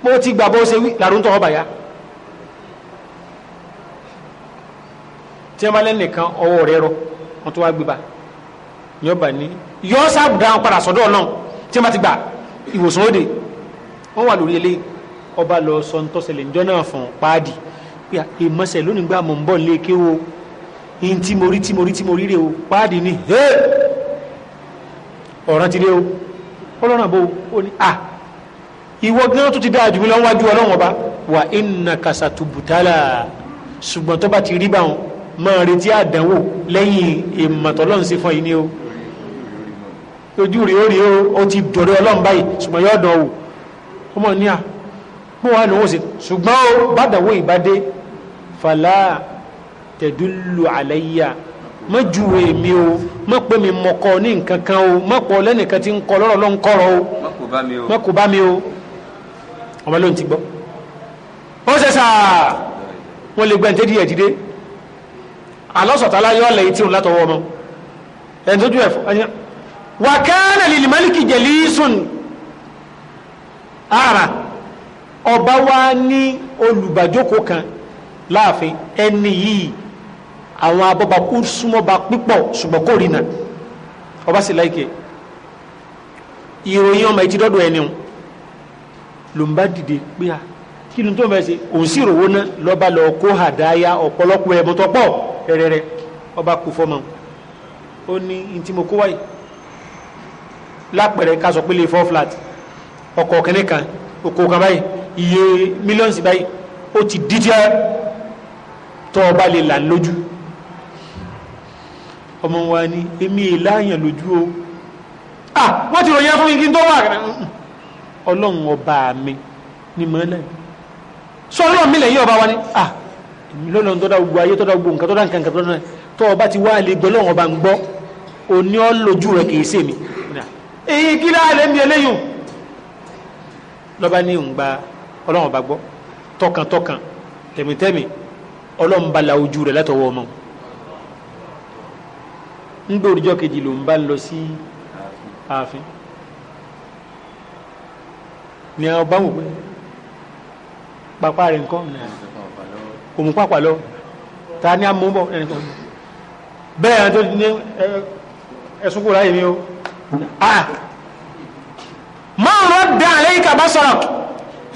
mo ti gbà bó ṣe wí làrún tọ́ ọba yá tí wọ́n bá lẹ́nìkan ọwọ́ rẹ̀ rọ wọ́n tó wá gbé báyìí yọ bá ní yọ sáàbùdá wọn padà sọ́dọ̀ náà tí wọ́n ti gbà ìwòsàn òde wọ́n wà lórí ilé ọba lọ sọ ń tọ́sẹ̀lẹ̀ ńjọ́ náà fún páàdì pé èmọ́sẹ̀ lónìí gbà mọ̀ ń bọ̀ lé kéwo in tí mo rí tí mo rí tí mo rí rè o páàdì ni ọ̀ràn ti dé o ọlọ́run àbò ó ní à ìwọ gán tó ti dáa jù mí lọ́wọ́ wájú ọlọ́run ọba wà ìnà kàṣàtúbùtálà ṣùgbọ́n tó bá ti rí báwọn máa retí àdánwò lẹ́yìn ìmọ̀tọ́lọ́run sí fún yìí ni o ojú rí ó rí ó ti dọ̀rẹ́ ọlọ́run báyìí ṣùgbọ́n yóò dán wò ó mọ̀ ní à bó wà lówó sí ṣùgbọ́n ó bàdàwó ìbádé fàlà tẹ̀dúlù àlẹ́yà mọ́júwe mi o mọ́ mi mọ̀kọ́ ní nǹkan o mọ́ pọ̀ lẹ́nìkan tí ń kọ lọ́rọ̀ lọ́n kọ́rọ̀ o mọ́ kò bá mi o ọmọ ló ń ti gbọ́ ó ṣe sáà wọ́n lè gbẹ́ntẹ́ díẹ̀ dídé alọ́sọ̀tà láyọ̀ ọ̀lẹ̀ yìí tí òun látọwọ́ ọmọ ẹni tó ju ẹ̀fọ́ wa kana lil maliki jalisun ara ọba wa ní olùbàjókòó kan láàfin ẹni yìí àwọn abọ́bakú súnmọ́ba pípọ̀ ṣùgbọ́n kò rìnà ọba sì láìkè ìròyìn ọmọ ìtì dọ́dọ̀ ẹni ló ń bá dìde pé a kí ni tó ń ṣe òun sì rò wó lọ́ba lọ kó àdáyà ọ̀pọ̀lọpọ̀ ẹ̀bùn tó ọba kò fọmọ ó ní ntí mo kó wáyìí lápẹ̀rẹ̀ ká sọ pé lè four flat ọkọ̀ kẹ́lẹ́ kan oko kan báyìí iye mílíọ̀nù báyìí ó ti díjẹ́ tọ́ ọba lè là lójú ọmọ wa ni èmi ìláyàn lójú o ah wọ́n ti ròyìn fún mi kí n tó wà ọlọ́run ọba mi ni mọ́lẹ̀ sọ ọlọ́run mi lẹ́yìn ọba wa ni ah èmi lọ́lọ́run tó dá gbogbo ayé tó dá gbogbo nǹkan tó dá nǹkan tó dá tọ́ ọba ti wá lè gbọ́ lọ́run ọba ń gbọ́ òní ọ́ lójú rẹ̀ kì í sèmi èyí kí láàrẹ̀ mi eléyìn lọ́ba ní òun gba ọlọ́run bá gbọ́ tọkàntọkàn tẹ̀mítẹ́mì ọlọ́run bá la ojú rẹ̀ látọwọ́ ọmọ ń gbòòrìjọ́ kejì ló ń bá lọ sí ààfin ni àwọn bá wò pé pàpà rẹ̀ nǹkan òmù pàpà lọ ta ni a mú bọ̀ bẹ́ẹ̀ àti ẹ̀sùn kò láyé mi o. Ah. máa rọ́ dá àlẹ́yìn kàbá sọ̀rọ̀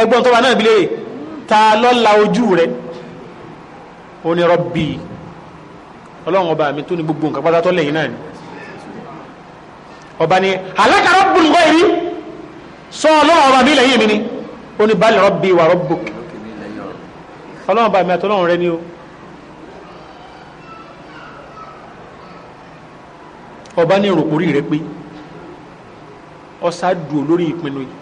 ẹgbọ́n tó wà náà bílẹ̀ ta lọ́ la ojú rẹ̀ ó ní rọ́bì ọlọ́run ọba mi tó ní gbogbo nǹkan pátá tó lẹ́yìn náà ni ọba ni alaka rọ́bùn gbọ́ èrí sọ ọlọ́run ọba mi lẹ́yìn mi ni ó ní balẹ̀ rọ́bì wà rọ́bù ọlọ́run ọba mi àtọ́lọ́run rẹ ni o ọba ní ìròkórí rẹ ọ̀sá dùn lórí ìpinnu yìí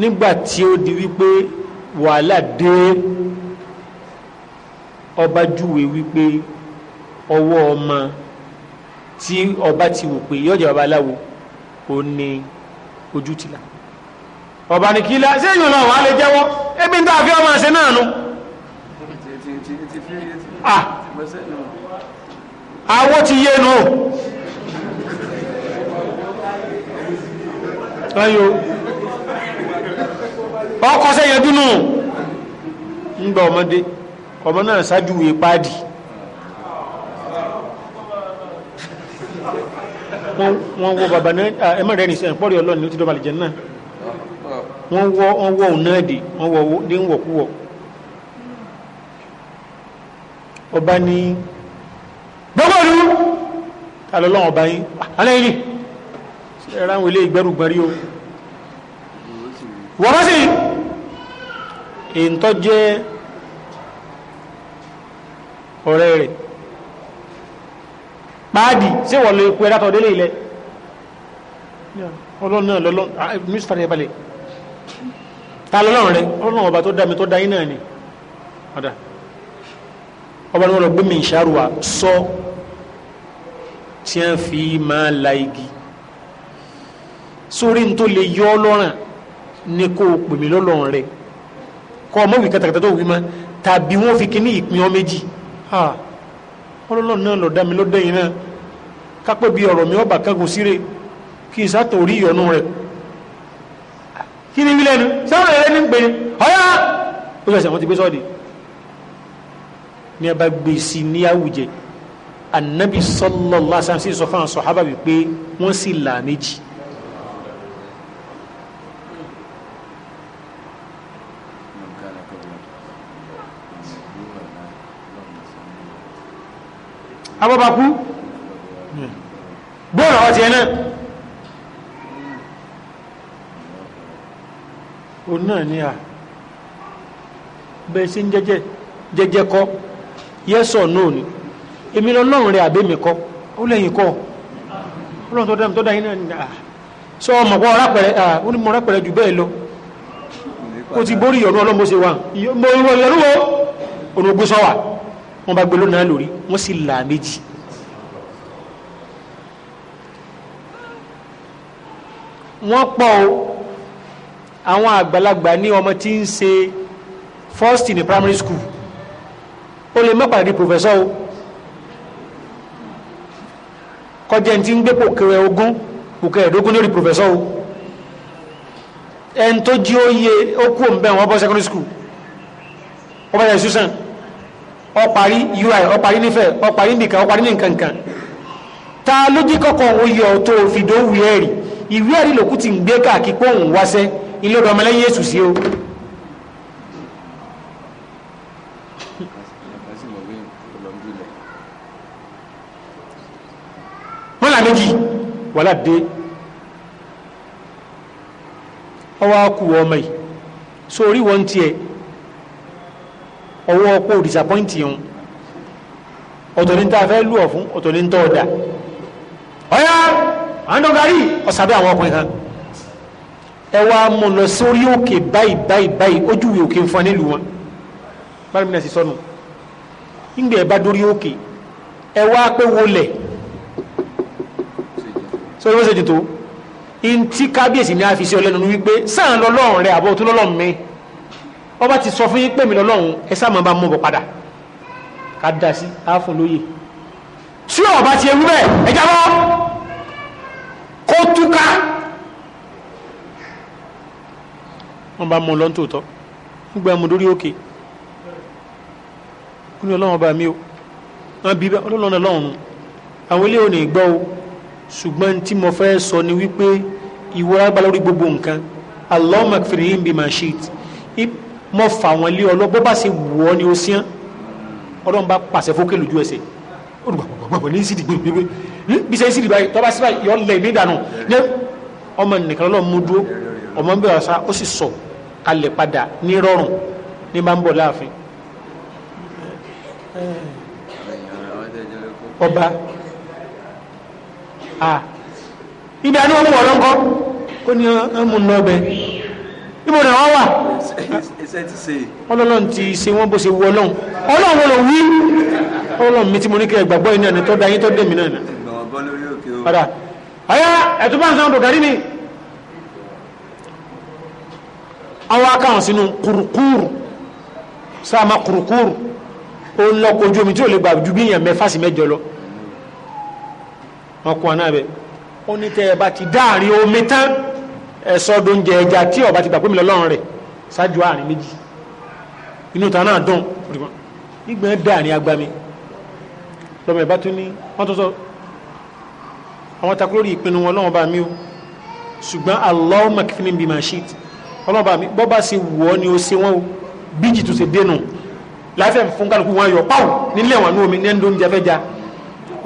nígbà tí ó di wípé wàhálà dé ọba júwe wípé ọwọ́ ọmọ tí ọba ti wò pé yọjà baba aláwo ò ní ojú tìlà ọba ní kí lásì èyí náà wàá lè jẹ́wọ́ ebi ń tà fi ọmọ àṣẹ náà nu. Ah! àwo ti yé nu. ráyò ọkọ̀ sẹ́yẹn dúnú ọmọdé ọmọ náà ṣáájú wèé páàdì wọn wọ bàbá náà ẹ̀mọ́ rẹ̀ ní ti dọ́bà lè náà wọ́n wọ́ wọ́n ọba ní gbogbo ìlú ọba yín ah, alẹ́ yìí ẹ̀rá àwọn ilé ìgbẹ́rùgbọ́n rí o wọ́n sì èntọ́ jẹ́ ọ̀rẹ́ rẹ̀ páàdì sí wọ́n lè pẹ́ látọ̀ délé ilẹ̀ ọlọ́run náà lọ́lọ́ mr ebalẹ̀ ta lọ́lọ́run rẹ̀ ọlọ́run ọba tó dámi tó dáyín náà ni ọ̀dà ọba sórí ní tó lè yọ ọ lọ́rùn ni kò pè mí lọ́lọ́run rẹ kọ́ ọmọ wí katakata tó wí mọ́ tàbí wọ́n fi kíní ìpín ọ méjì ọlọ́run náà lọ́ọ́ dá mi lọ́dẹ yìí náà kápẹ́ bí ọ̀rọ̀ mi ọba kágun síre kí n sátò rí ìyọnu rẹ kí ni wí lẹ́nu sọ́ọ̀rọ̀ rẹ ní pé ọ̀yá ó fẹsẹ̀ wọ́n ti gbé sọ́ọ̀dì ní a bá gbé sí ní àwùjẹ anabi sallallahu alaihi wasallam sọ fún àwọn sọ̀hábà wípé wọ́n sì là méjì. abọ́bakú bóòrò ọ̀tí ẹ̀ náà o náà ní à bẹ́ẹ̀ sí jẹ́jẹ́ jẹ́jẹ́ kọ́ yẹ́sọ̀ náà ni èmi lọ́lọ́run rẹ̀ àbẹ́mi kọ́ ó lẹ́yìn kọ́ ọlọ́run tó dámi tó dáyé náà ní à sọ ọmọ pọ̀ wọ́n bá gbé lónà lórí wọ́n sì là méjì wọ́n pọ̀ o àwọn àgbàlagbà ní ọmọ tí ń ṣe first in primary school ó lè má pàdé professor o kọjá tí ń gbé pòkèrè ogún pòkèrè ogún lórí professor o ẹni tó jí ó yẹ ó kú òun bẹ́ẹ̀ wọ́n bọ́ secondary school wọ́n bá yẹ susan ọparí ui ọparí nífẹ̀ẹ́ ọparí nìkan ọparí nìkankan ta lójí kọ́kọ́ oyè ọ̀tọ̀ òfìdó ìwé ẹ̀rí ìwé ẹ̀rí lòkú ti ń gbé káàkiri pé òun wáṣẹ́ ilé ọ̀dọ̀ ọmọlẹ́yìn Jésù sí o. mọ́là méjì wàhálà dé ọwọ́ akú ọmọ yìí sórí wọn tiẹ̀ ọwọ́ kó disappoint yìí ọ̀tọ̀ ní ta fẹ́ lù ọ̀ fún ọ̀tọ̀ ní tọ́ ọ̀dà ọ̀yá àndọ̀gárí ọ̀sàbẹ́ àwọn ọkùnrin kan ẹ wá mú lọ sórí òkè báyìí báyìí báyìí ojú ìwé òkè ń fọn nílùú wọn báyìí mi náà sì sọnù ńgbẹ ẹ bá dórí òkè ẹ wá pé wọlẹ̀ sórí wọ́n ṣe dìtò ntí kábíyèsí ni a fi ṣe ọlẹ́nu wípé sáà lọ́lọ́run rẹ àbọ̀ tó lọ́lọ́run mi ọba ti sọ fún yín pèmí lọ́lọ́run ẹ sáà máa bá mú bọ̀ padà ká dá sí àáfún lóye tí ọba ti ewu bẹ́ẹ̀ ẹ jábọ́ kó túká wọ́n bá mú lọ́n tòótọ́ nígbà mú lórí òkè ó ní ọlọ́run ọba mi o wọ́n bí ọlọ́run ọlọ́run àwọn ilé òní gbọ́ o ṣùgbọ́n tí mo fẹ́ sọ ni wípé ìwọ agbá lórí gbogbo nǹkan Allahumma kfirihim bima shit mo fà wọn lé ọ lọ bó bá ṣe wù ọ ni o sí án ọlọ́run bá pàṣẹ fókè lójú ẹsẹ̀ olùgbàgbàgbàgbà ní sídìí gbèrègbèrè hm? bí sẹ́yìn sídìí báyìí tọ́ba síbáyìí yọ lẹ̀ ní ìdànù ní ọmọ nìkan lọ́ọ́ mú dúró ọmọ ń bẹ̀rẹ̀ ọ̀sá ó sì sọ kalẹ̀ padà ní rọrùn ní bá ń bọ̀ láàfin ọba ibi àná ọmọ ọlọ́ńkọ́ ó ní ọmọ náà bẹ́ẹ̀ ibo ni wọ́n wà ọlọ́run ti ṣe wọ́n bó ṣe wọ ọlọ́run ọlọ́run ló wí ọlọ́run mi tí mo ní kí ẹ gbàgbọ́ iná ni tọ́ da yín tọ́ dé mi náà ni. padà ayá ẹ̀tún bá ń sọ ọdọ̀ kárí mi àwọn akáwọn sínú kùrùkùrù sáàmà kùrùkùrù ó ń lọ́kọ̀ ojú omi tí ò lè gbà ju bí èèyàn mẹ́fà sí mẹ́jọ lọ wọn kún wa náà bẹ́ẹ̀ ó ní tẹ́ ẹ bá ti dáàrin omi tán ẹ̀sọ́ dóúnjẹ ẹja tí ọba ti gbà pé mi lọ́lọ́run rẹ̀ ṣáájú àárín méjì inú ta náà dùn nígbà dáa ní agbami lọ́mọ ìbá tún ní tó sọ àwọn takú lórí ìpinnu wọn lọ́wọ́ bá mi o ṣùgbọ́n Allahumma kìfìní bí máa ṣe ọlọ́wọ́ bá mi bọ́ bá ṣe wù ni ó ṣe wọ́n o bíjì tó ṣe dénú láfẹ́ fún kálukú wọn yọ pàù nílẹ̀ wọn ní omi ní ẹni tó ń jẹ fẹ́ ja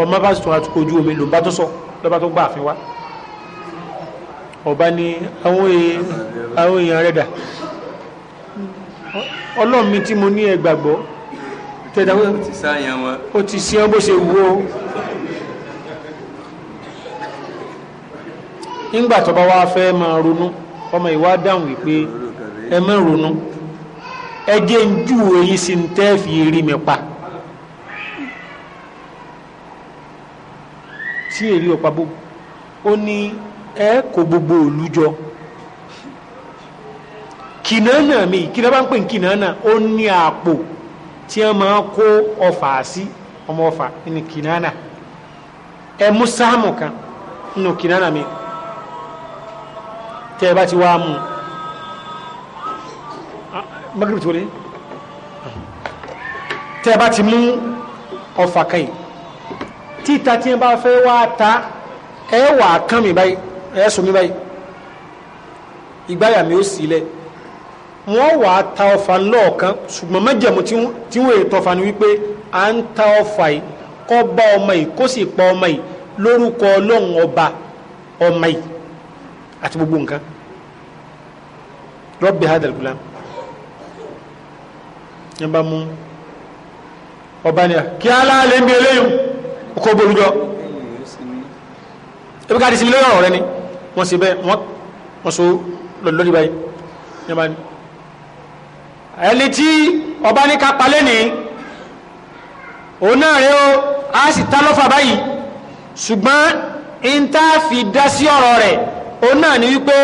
ọmọ bá sọ àtúkọ̀ ojú omi lòun bá tó sọ lọ́ba tó gbà àfin wa ọba ní àwọn èèyàn rẹ̀ dà ọlọ́run mi tí mo ní ẹgbàgbọ́ tẹ́tàwé ó ti sí ọ bó ṣe wú o nígbà tó bá wá fẹ́ máa ronú ọmọ ìwá dáhùn wípé ẹ má ronú ẹ jẹ́ ń jù èyí sí ń tẹ́ fi rí mi pa tí èrí ọ̀pá bó ó ní ẹ kó gbogbo òlu jọ kìnàánà mi kìnàá bá ń pè ní kìnàánà ó ní àpò tí wọ́n máa kó ọfà sí ọmọ ọfà ní kìnàánà ẹ mú sáàmù kan nínú kìnàánà mi tẹ́ ẹ bá ti wá mú ah, magrib tó lé tẹ́ ẹ bá ti mú ọfà kan yìí títa tí wọ́n bá fẹ́ wá ta ẹ wà kán mi báyìí ẹ sùn mí báyìí ìgbáyà mi ó sì lẹ wọn wà á ta ọfà lọọkan ṣùgbọ́n mẹjẹmú tí wọn ètò ọfà ni wípé à ń ta ọfà yìí kọ bá ọmọ yìí kó sì pa ọmọ yìí lórúkọ Ọlọ́run ọba ọmọ yìí àti gbogbo nǹkan rọbì hadal yẹn bá mú ọba ni à kí aláàlẹ ń bí eléyìí kó bolújọ ebi ká di sinmi lórí ọ̀rọ̀ rẹ ni wọ́n ṣe bẹ́ẹ̀ wọ́n so lọ́lọ́dí báyìí yẹn báyìí ẹni tí ọba ní ká palẹ́ ní òun náà rẹ ó a sì ta lọ́fà báyìí ṣùgbọ́n n tá a fi dá sí ọ̀rọ̀ rẹ̀ òun náà ní wípé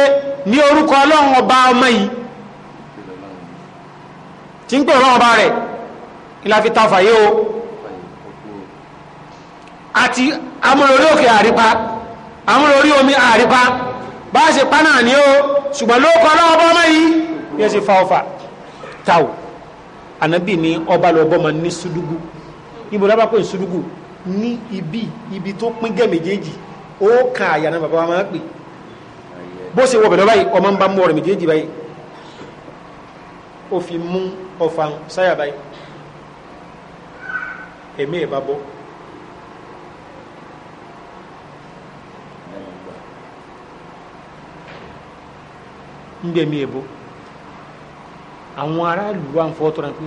ní orúkọ ọlọ́run ọba ọmọ yìí tí ń pè ọlọ́run ọba rẹ̀ ìlà fi ta fàyè o àti amúlòrí òkè àrípa àwọn lórí omi àrípa bá ṣe pa náà ní o ṣùgbọ́n ló kọ́ lọ́wọ́ bọ́ ọmọ yìí bí ẹ ṣe fa ọfà tàù ànábì ní ọba lọ bọ́ ọmọ ní sudugu ibo lábàá pé sudugu ní ibi ibi tó pín gẹ́ méjèèjì ó kan àyà náà bàbá wa máa pè bó ṣe wọ bẹ̀rẹ̀ báyìí ọmọ ń bá mú ọ̀rẹ́ méjèèjì báyìí ó fi mú ọfà sáyà báyìí ẹ̀mí ẹ̀ bá bọ́ ń gbẹ̀mí ẹ̀ bọ́ àwọn aráàlú wa ń fọ́ tọ́ra pé.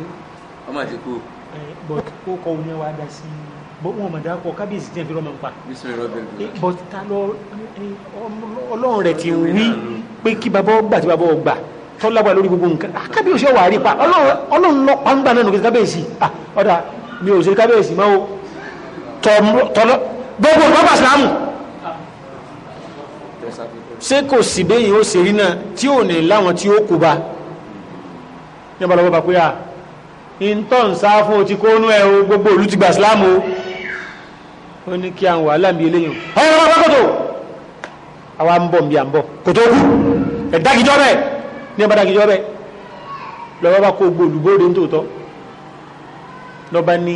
ọmọ àti kú. ẹ bọ̀t kó kọ́ ọ ní wa dá sí i wọn mọ̀ dákọ̀ kábíyèsí tí ẹ fi rọ́mọ ń pa. Eh, but ta lọ eh, ọlọ́run rẹ̀ ti wí pé kí bàbá ọgbà tí bàbá ọgbà tọ́lágbà lórí gbogbo nǹkan ah, kábíyèsí ọwà rí pa ọlọ́run lọ pàǹgbà náà nùgbẹ́ kábíyèsí ah, ọ̀dà mi ò ṣe kábíyèsí máa o tọ́lọ́ gbogbo ìpápá sàmù ṣé kò sì béyìn ó ṣe rí náà tí ò ní láwọn tí ó kú bá ní ọbalọ́wọ́ bá pé à ń tọ́ ń sá fún otí kó nú ẹ o gbogbo ìlú ti gbà sílámù o ó ní kí àwọn wàhálà ń bi eléyìn ọ̀rọ̀ bá kòtò àwa ń bọ̀ ń bi à ń bọ̀ kòtò kú ẹ̀dákijọ́ bẹ́ẹ̀ ní ọba dákijọ́ bẹ́ẹ̀ lọ́wọ́ bá kó gbòlùbóde ní tòótọ́ lọ́ba ní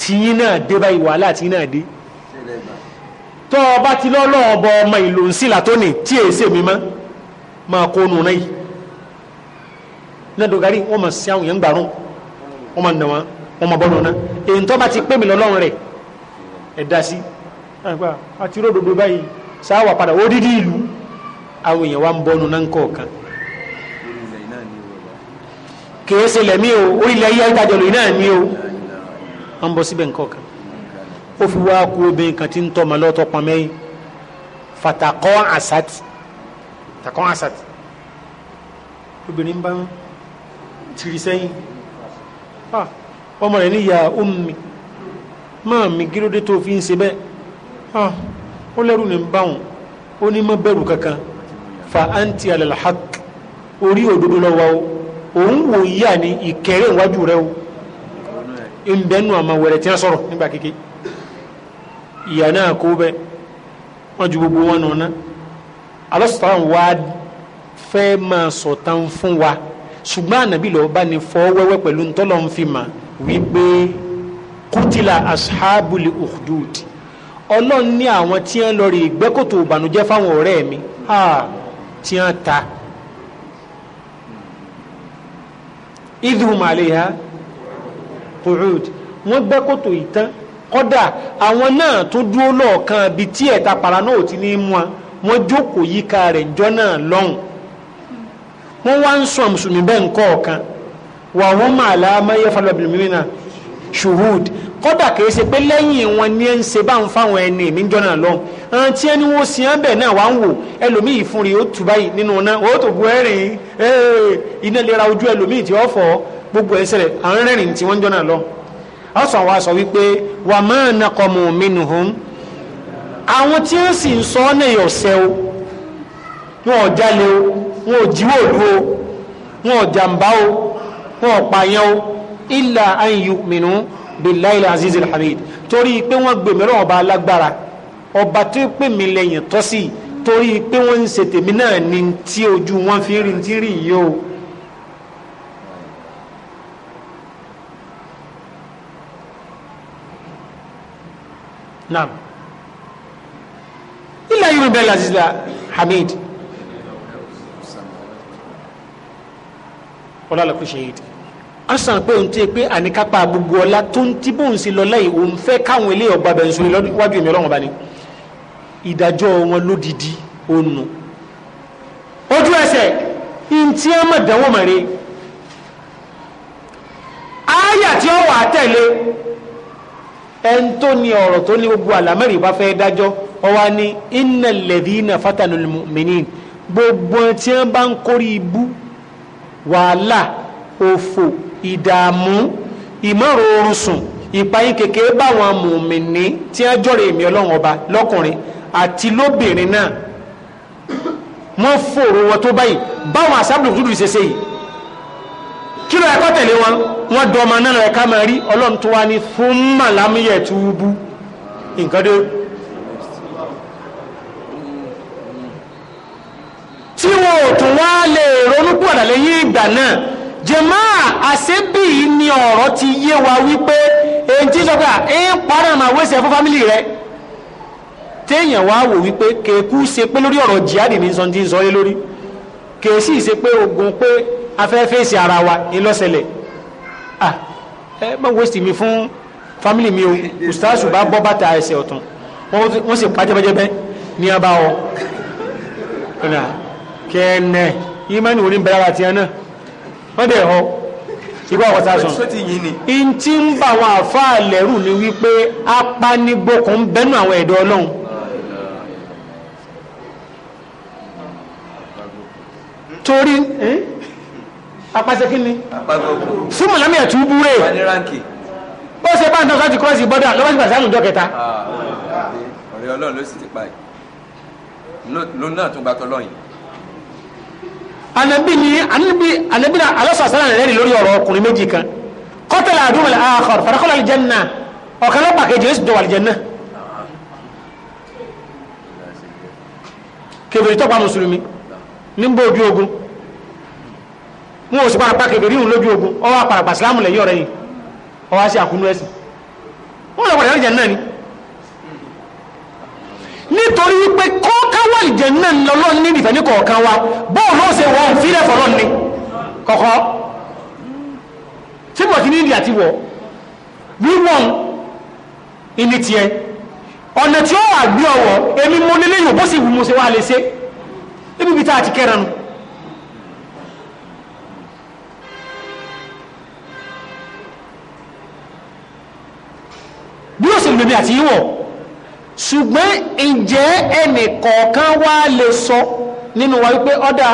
tìyín náà dé báyìí wàhálà tìyín náà dé tọ́ ọba ti lọ́lọ́ ọbọ ọmọ ìlú ń sílà tó ní tí èsè mi mọ́ máa kó nù náà yìí lẹ́dọ̀gárí wọ́n mọ̀ sí àwọn èèyàn gbàrún wọ́n mọ̀ nàwọn wọ́n mọ̀ bọ́nù náà èyí tó bá ti pè mí lọ́lọ́run rẹ̀ ẹ̀dá sí àti ródòdó báyìí sáwà padà ó dídí ìlú àwọn èèyàn wa ń bọ́nù náà ń kọ̀ọ̀kan kìí ṣe lẹ̀mí o orílẹ̀ ayé ìdájọ́ lóyìn náà ní o wọ́n bọ́ síbẹ̀ ń kọ̀ọ̀kan ó fi wá kú obìnrin kan tí ń tọ́ ọmọ lọ́tọ́ pọn mẹ́yìn fatakọ́ asat takọ́ asat obìnrin bá ń tiri sẹ́yìn ah, ọmọ rẹ̀ níyà ummi máa mi gíròdé tó fi ń ṣe bẹ́ẹ̀ ah, ó lẹ́rù ní báwọn ó ní mọ́ bẹ̀rù kankan fa anti alalhaq orí òdodo lọ́wọ́ o òun wò yíyà ní ìkẹrẹ́ ìwájú rẹ o ń bẹ́nu àmọ́ tí wọ́n sọ̀rọ̀ nígbà kékeré ìyà náà kó bẹ wọn ju gbogbo wọn nù náà alọ́sọ̀tàn wa fẹ́ máa sọ̀tàn fún wa ṣùgbọ́n ànábì lọ́ọ́ bá ní fọ́ wẹ́wẹ́ pẹ̀lú ntọ́lọ́ ń fi mà wípé kútìlà ashabuli ukhdud ọlọ́run ní àwọn tí wọ́n lọ rí ìgbẹ́kòtò fáwọn ọ̀rẹ́ mi tí wọ́n ta idhum alayha qu'ud wọ́n gbẹ́kòtò ìtàn kọ́dà àwọn náà tó dúró lọ́ọ̀kan bí tí ẹ̀ta para náà ní mú wa wọ́n jókòó yíká rẹ̀ jọ́ náà lọ́hùn wọ́n wá ń sọ mùsùlùmí bẹ́ẹ̀ ọ̀kan wà wọ́n máa la amáyé falọ́bìnrin náà ṣùhùd kọ́dà kìí ṣe pé lẹ́yìn wọn ní ń ṣe bá ń fáwọn ẹni náà lọ́hùn àwọn ẹni wọ́n sì ń bẹ̀ náà wà ń wò ẹlòmíì fún ọ̀sán wa sọ wípé wà máa naqamu minhum àwọn tí ń sì ń sọ ọ́ náà ọ̀sẹ̀ o wọn ò jalè o wọn ò jíwò o wọn ò jàǹbá o wọn ò pààyàn o illa an yu'minu billahi al-aziz al-hamid torí pé wọ́n gbèmíràn ọba alágbára ọba tó pè mí lẹ́yìn tọ́sí torí pé wọ́n ń ṣètèmí náà ní tí ojú wọn fi ń rí ti rí yìí o. naam ilẹ̀ yorùbá bẹ́ẹ̀ lásìlá hamid ọlọ́lọ́kù ṣèyíd a sàn pé òun ti pé àníkápá gbogbo ọlá tó ń tí bóun sí lọ́lá yìí òun fẹ́ káwọn ilé ọgbà bẹ̀rẹ̀ sórí wájú èmi ọlọ́wọ́n bá ní ìdájọ́ wọn lódìdí ònu ojú ẹsẹ̀ ntí ẹ mọ̀ dánwò mọ̀ rẹ̀ áyà tí ó wà á tẹ̀lé ẹn tó ní ọ̀rọ̀ tó ní gbogbo àlámẹ́rì bá fẹ́ dájọ́ ọwá ní iná lẹ̀dí iná fatanul mu'minin gbogbo tí wọ́n bá ń kórí ibú wàhálà òfò ìdààmú ìmọ̀ràn oorun sùn ìpayín kékeré báwọn mùmìnì tí wọ́n jọ̀rọ̀ èmi ọlọ́run ọba lọ́kùnrin àti lóbìnrin náà wọ́n fòrò wọn tó báyìí báwọn àsábùlù dúdú ṣe ṣe yìí kí ló ẹ̀kọ́ tẹ̀lé wọn wọ́n dọ́mọ náà ẹ̀ká máa rí ọlọ́run tó wá ní fún màlámíyẹ̀ tó bú nǹkan dé tí wọn ò tún wá lè ronú pọ̀dà lẹ́yìn ìgbà náà jẹ̀máà àṣẹ́bì ni ọ̀rọ̀ ti yé wa wípé èyí tí sọ pé à ń parọ́ àmà wẹ́sẹ̀ fún fámìlì rẹ̀ téèyàn wá wò wípé kèékú ṣe pé lórí ọ̀rọ̀ jihadi ní sọ́ndí sọ́yé lórí kèésì ṣe pé ogun pé afẹ́fẹ́sì ara wa ńlọ́sẹ̀lẹ̀ ah ẹ má wẹ́sì mi fún fámìlì mi o ustaasu bá bọ́ bàtà ẹsẹ̀ ọ̀tún wọ́n sì pa jẹ́bẹ́jẹ́bẹ́ ní abá ọ ọ̀nà kẹ́ẹ̀nẹ́ ìmánì orí bẹ̀rẹ̀ àti ẹ̀ náà wọ́n dẹ̀ họ ìgbà ọ̀tá sùn in ń bà wọn àfáà lẹ́rù ni wípé apanigbokun bẹ́nu àwọn ẹ̀dọ́ ọlọ́run torí eh? apàṣẹ kí ni súnmọ̀ lámì ẹ̀tù búrẹ́ ó ṣe bá ń tọ́sọ́ ti kọ́ọ̀sì bọ́dà lọ́wọ́ sí pàṣẹ àlùjọ kẹta. Ah, ọ̀rẹ́ ọlọ́run ló sì ti pa yìí lóun náà tún gba tọ́lọ́ yìí. anabi ni anabi anabi na alásàsánà rẹ̀ rí lórí ọ̀rọ̀ ọkùnrin méjì kan kọ́tàlá àdúgbò àkọ́rọ̀ farakọ́lá aljanna ọ̀kan lọ́pàá kejì ó sì dọ̀wà aljanna. kébèrè tọ́pa mùsùlùmí ní gbòógì ogun wọn ò sì parapa kèbèrè ìhùn lójú ogun ọwọ́ àparapa sílámù lẹ́yìn ọ̀rẹ́ yìí ọwọ́ sí àkúnú ẹ̀sìn wọ́n lọ padà lẹ́jẹ̀ náà ni nítorí wípé kọ́ọ̀kan wà lìjẹ̀ náà ni ọlọ́run ní kọ̀ọ̀kan wa bọ́ọ̀lù ó ṣe wọ́n fílẹ̀ fọ́lọ́run ni kọ̀kọ́ tí mọ̀ sí ní ìdí àti wọ̀ wíwọ̀n ìní tiẹ̀ ọ̀nà tí ó wà wá lè bí ó sì lèmi àti ìwọ̀ ṣùgbọ́n ìjẹ́ ẹnì kọ̀ọ̀kan wá lè sọ nínú wa wípé ọ́dà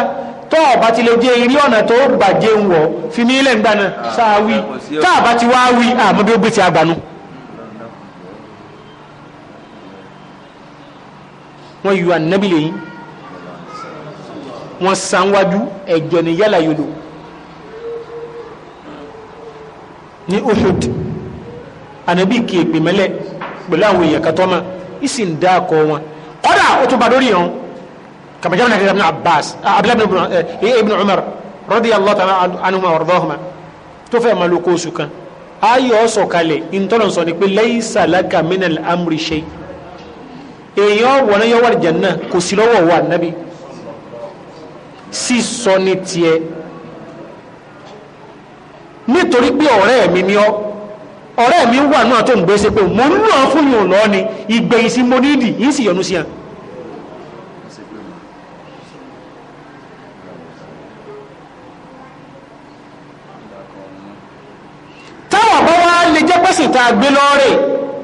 tó ọ̀bá ti lè jẹ́ irí ọ̀nà tó bàjẹ́ ń wọ̀ fi mí ilẹ̀ ńgbà náà sáà ah, wí tá àbá ti wá wí àmọ́bí ó gbé ti àgbànú. wọ́n yọ ànábì lẹ́yìn wọ́n san ẹ̀jọ̀ ní yálà yòlò ní Uhud ànábì kì í pèmẹ́lẹ̀ pẹ̀lú àwọn èèyàn kan tọ́mà ìsì ń dá akọ wọn kọ́dà ó tún bá lórí yẹn kàmájáwé náà kẹta abbas abdullahi eh, ibn umar radiyallahu ta'ala anhuma wa radahuma tó fẹ́ máa lo kóòsù kan ayọ̀ ọ̀sọ̀ kalẹ̀ ìtọ́nà sọ ni pé laysa laka minal amri shay èèyàn wọ̀nà yọ wà janna kò sí lọ́wọ́ wà nábì sí sọ ní tiẹ̀ nítorí pé ọ̀rẹ́ mi ni ọ́ ọ̀rẹ́ mi wà náà tó ń gbé ṣe pé mo ń náà fún yóò lọ ni ìgbẹ̀yìn sí mo nídìí yìí sì yọnu sí ẹ táwọn bá wá lè jẹ́ pẹ́sìn tá a gbé lọ́rẹ̀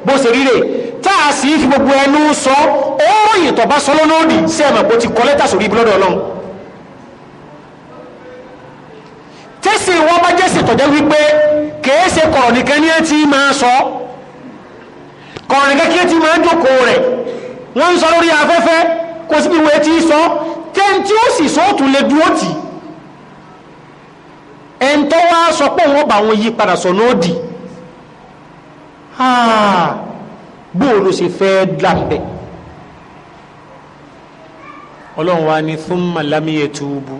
bó ṣe ríre tá a sì fi gbogbo ẹnu sọ ó ròyìn tó bá sọ lọ́lọ́dì sí ẹ̀mọ̀ pé ó ti kọ́ lẹ́tà sórí ibi ọlọ́run tẹ́sí wọn bá jẹ́sì tọ̀jẹ́ wípé kèése kọ̀rọ̀ nìkan ní ẹtí máa sọ kọ̀rọ̀ nìkan kí ẹtí máa jókòó rẹ̀ wọ́n ń sọ lórí afẹ́fẹ́ kò sí ìwé tí sọ tẹ́n tí ó sì sọ òtún lè dúró tì ẹn tó wá sọ pé wọ́n bá wọn yí padà sọ náà dì bóòlù sì fẹ́ dàbẹ̀ ọlọ́run wa ni thumma lam yatubu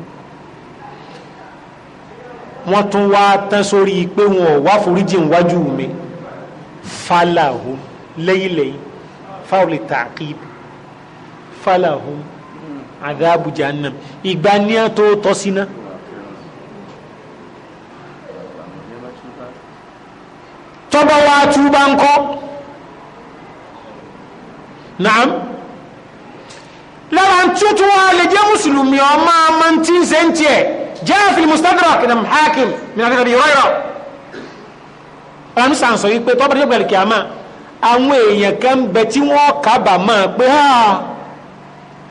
wọ́n tún wá tán sórí pé wọn ò wá foríjì níwájú mi falahu lẹ́yìn lẹ́yìn fáwọn lè tààkìb falahu adhabu jahannam ìgbà ní ẹ tó tọ́ sí náà. tọ́ba wa túbà ń kọ́ naam lára tí ó lè jẹ́ mùsùlùmí ọmọ amantí ń sẹ́ńtì ẹ̀. جاء في المستدرك من حاكم من حديث ابي هريره ọ̀run sàn sọ wípé tọ́ba tó gbẹ̀lẹ̀ kìámà àwọn èèyàn kan ń bẹ tí wọ́n kábàámọ̀ pé á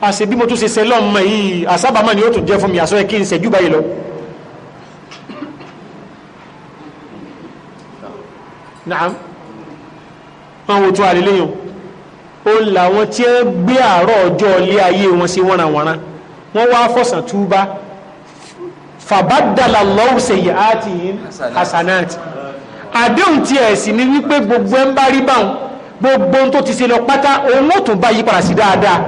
àṣẹ bí mo tún ṣe ṣe lọ́mọ yìí àṣàbàmọ̀ ni ó tún jẹ́ fún mi àṣọ ẹ̀ kí n ṣẹ́jú báyìí lọ. naam wọn wo tó àlélẹ́yìn o làwọn tí ń gbé àárọ̀ ọjọ́ ilé ayé wọn sí wọ́nrawọ́nra wọ́n wá fọ̀sán túbá fàbádàlà lọ́wọ́ sẹ̀yìn àti hasanat àdéhùn tí ẹ̀ sì ni wípé gbogbo ẹ̀ ń bá rí báwọn gbogbo tó ti ṣe lọ pátá òun ó tún bá yí padà sí dáadáa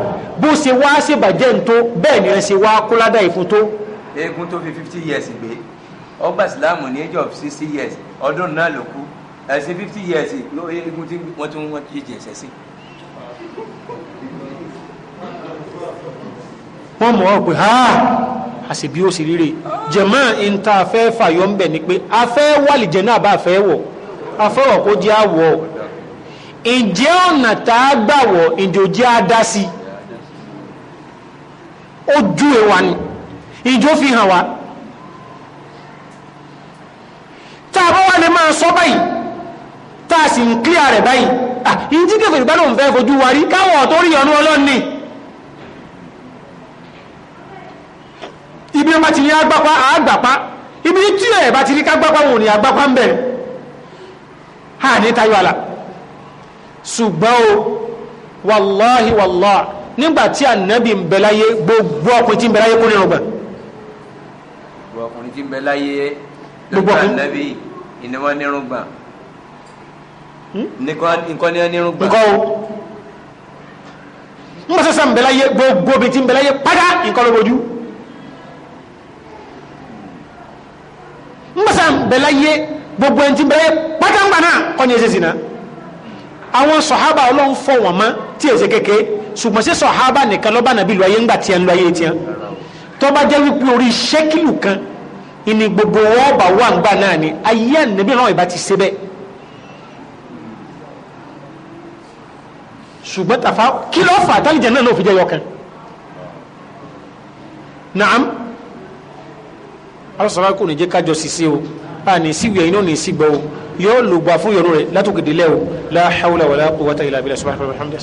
bó ṣe wá ṣèbàjẹ́ ń tó bẹ́ẹ̀ ni ẹ ṣe wá kó ládàá ìfún tó. eégún tó fi fifty years gbé ọgbà síláàmù ní age of sixty years ọdún náà ló kú ẹ̀sìn fifty years ló eégún tí wọ́n tún wọ́n ti jẹ̀ ṣẹ́sìn. wọ́n mọ̀ ọ́ pé ha àṣìbí ó sì ríre jẹ̀mọ́ ìta afẹ́ fàyọ́ ń bẹ̀ ni pé afẹ́ wàlì jẹ̀ náà bá afẹ́ wọ̀ afẹ́ wọ̀ kó jẹ́ àwọ̀ ǹjẹ́ ọ̀nà tá a gbà wọ̀ ǹjẹ́ ò jẹ́ àdá sí ojú ìwà ni ǹjẹ́ fi hàn wá tá a bá wà lè máa sọ báyìí tá a sì ń kíyà rẹ̀ báyìí ah, ǹjẹ́ kẹfẹ́ ìbálòun fẹ́ fojú wa rí káwọn ọ̀tọ́ rí ọ̀nà ọlọ́ni ibi wọn bá ti ní agbápá àgbàpá ibi tí ẹ̀ bá ti ní kágbápá wọn ò ní agbápá ń bẹ̀ ha ní tayọ àlà ṣùgbọ́n o wàláhi wàláhi nígbà tí ànábì ń bẹ láyé gbogbo ọkùnrin tí ń bẹ láyé kúrin ọgbà gbogbo ọkùnrin tí ń bẹ láyé lọ́gbà ànábì ìnáwó nírúgbà nǹkan ní nírúgbà hmm? nǹkan o ń bọ́ sọ́sọ́ ń bẹ láyé gbogbo obìnrin tí ń bẹ láyé pátá nǹkan ló bójú. mbasa bẹ̀lá yé gbogbo ẹni tí bẹ̀rẹ̀ pátáǹgbà náà ọ̀nyẹ́ ṣe sìnà àwọn sọ̀hábà ọlọ́run fọ̀ wọ́n mọ́ tí èsè kéke ṣùgbọ́n sí sọ̀hábà nìkan lọ́ba nàbí lu ayé ńgbà tiẹ̀ lu ayé tiẹ̀ tó bá jẹ́ wípé kan ìní gbogbo wọn bá wà ńgbà náà ni ayé ànábì náà ìbá ti ṣe bẹ́ẹ̀ ṣùgbọ́n tàfà kí ló fà tálíjẹ náà ló fi jẹ́ yọkan naam alọ́sọ̀rọ̀ kò ní jẹ́ kájọ ṣiṣẹ́ o a ní sí wíyà iná ní sí gbọ́ o yóò lò gbà fún yọnu rẹ̀ látòkèdè lẹ́wọ̀ la hawla wala quwwata illa billah wa ta'ala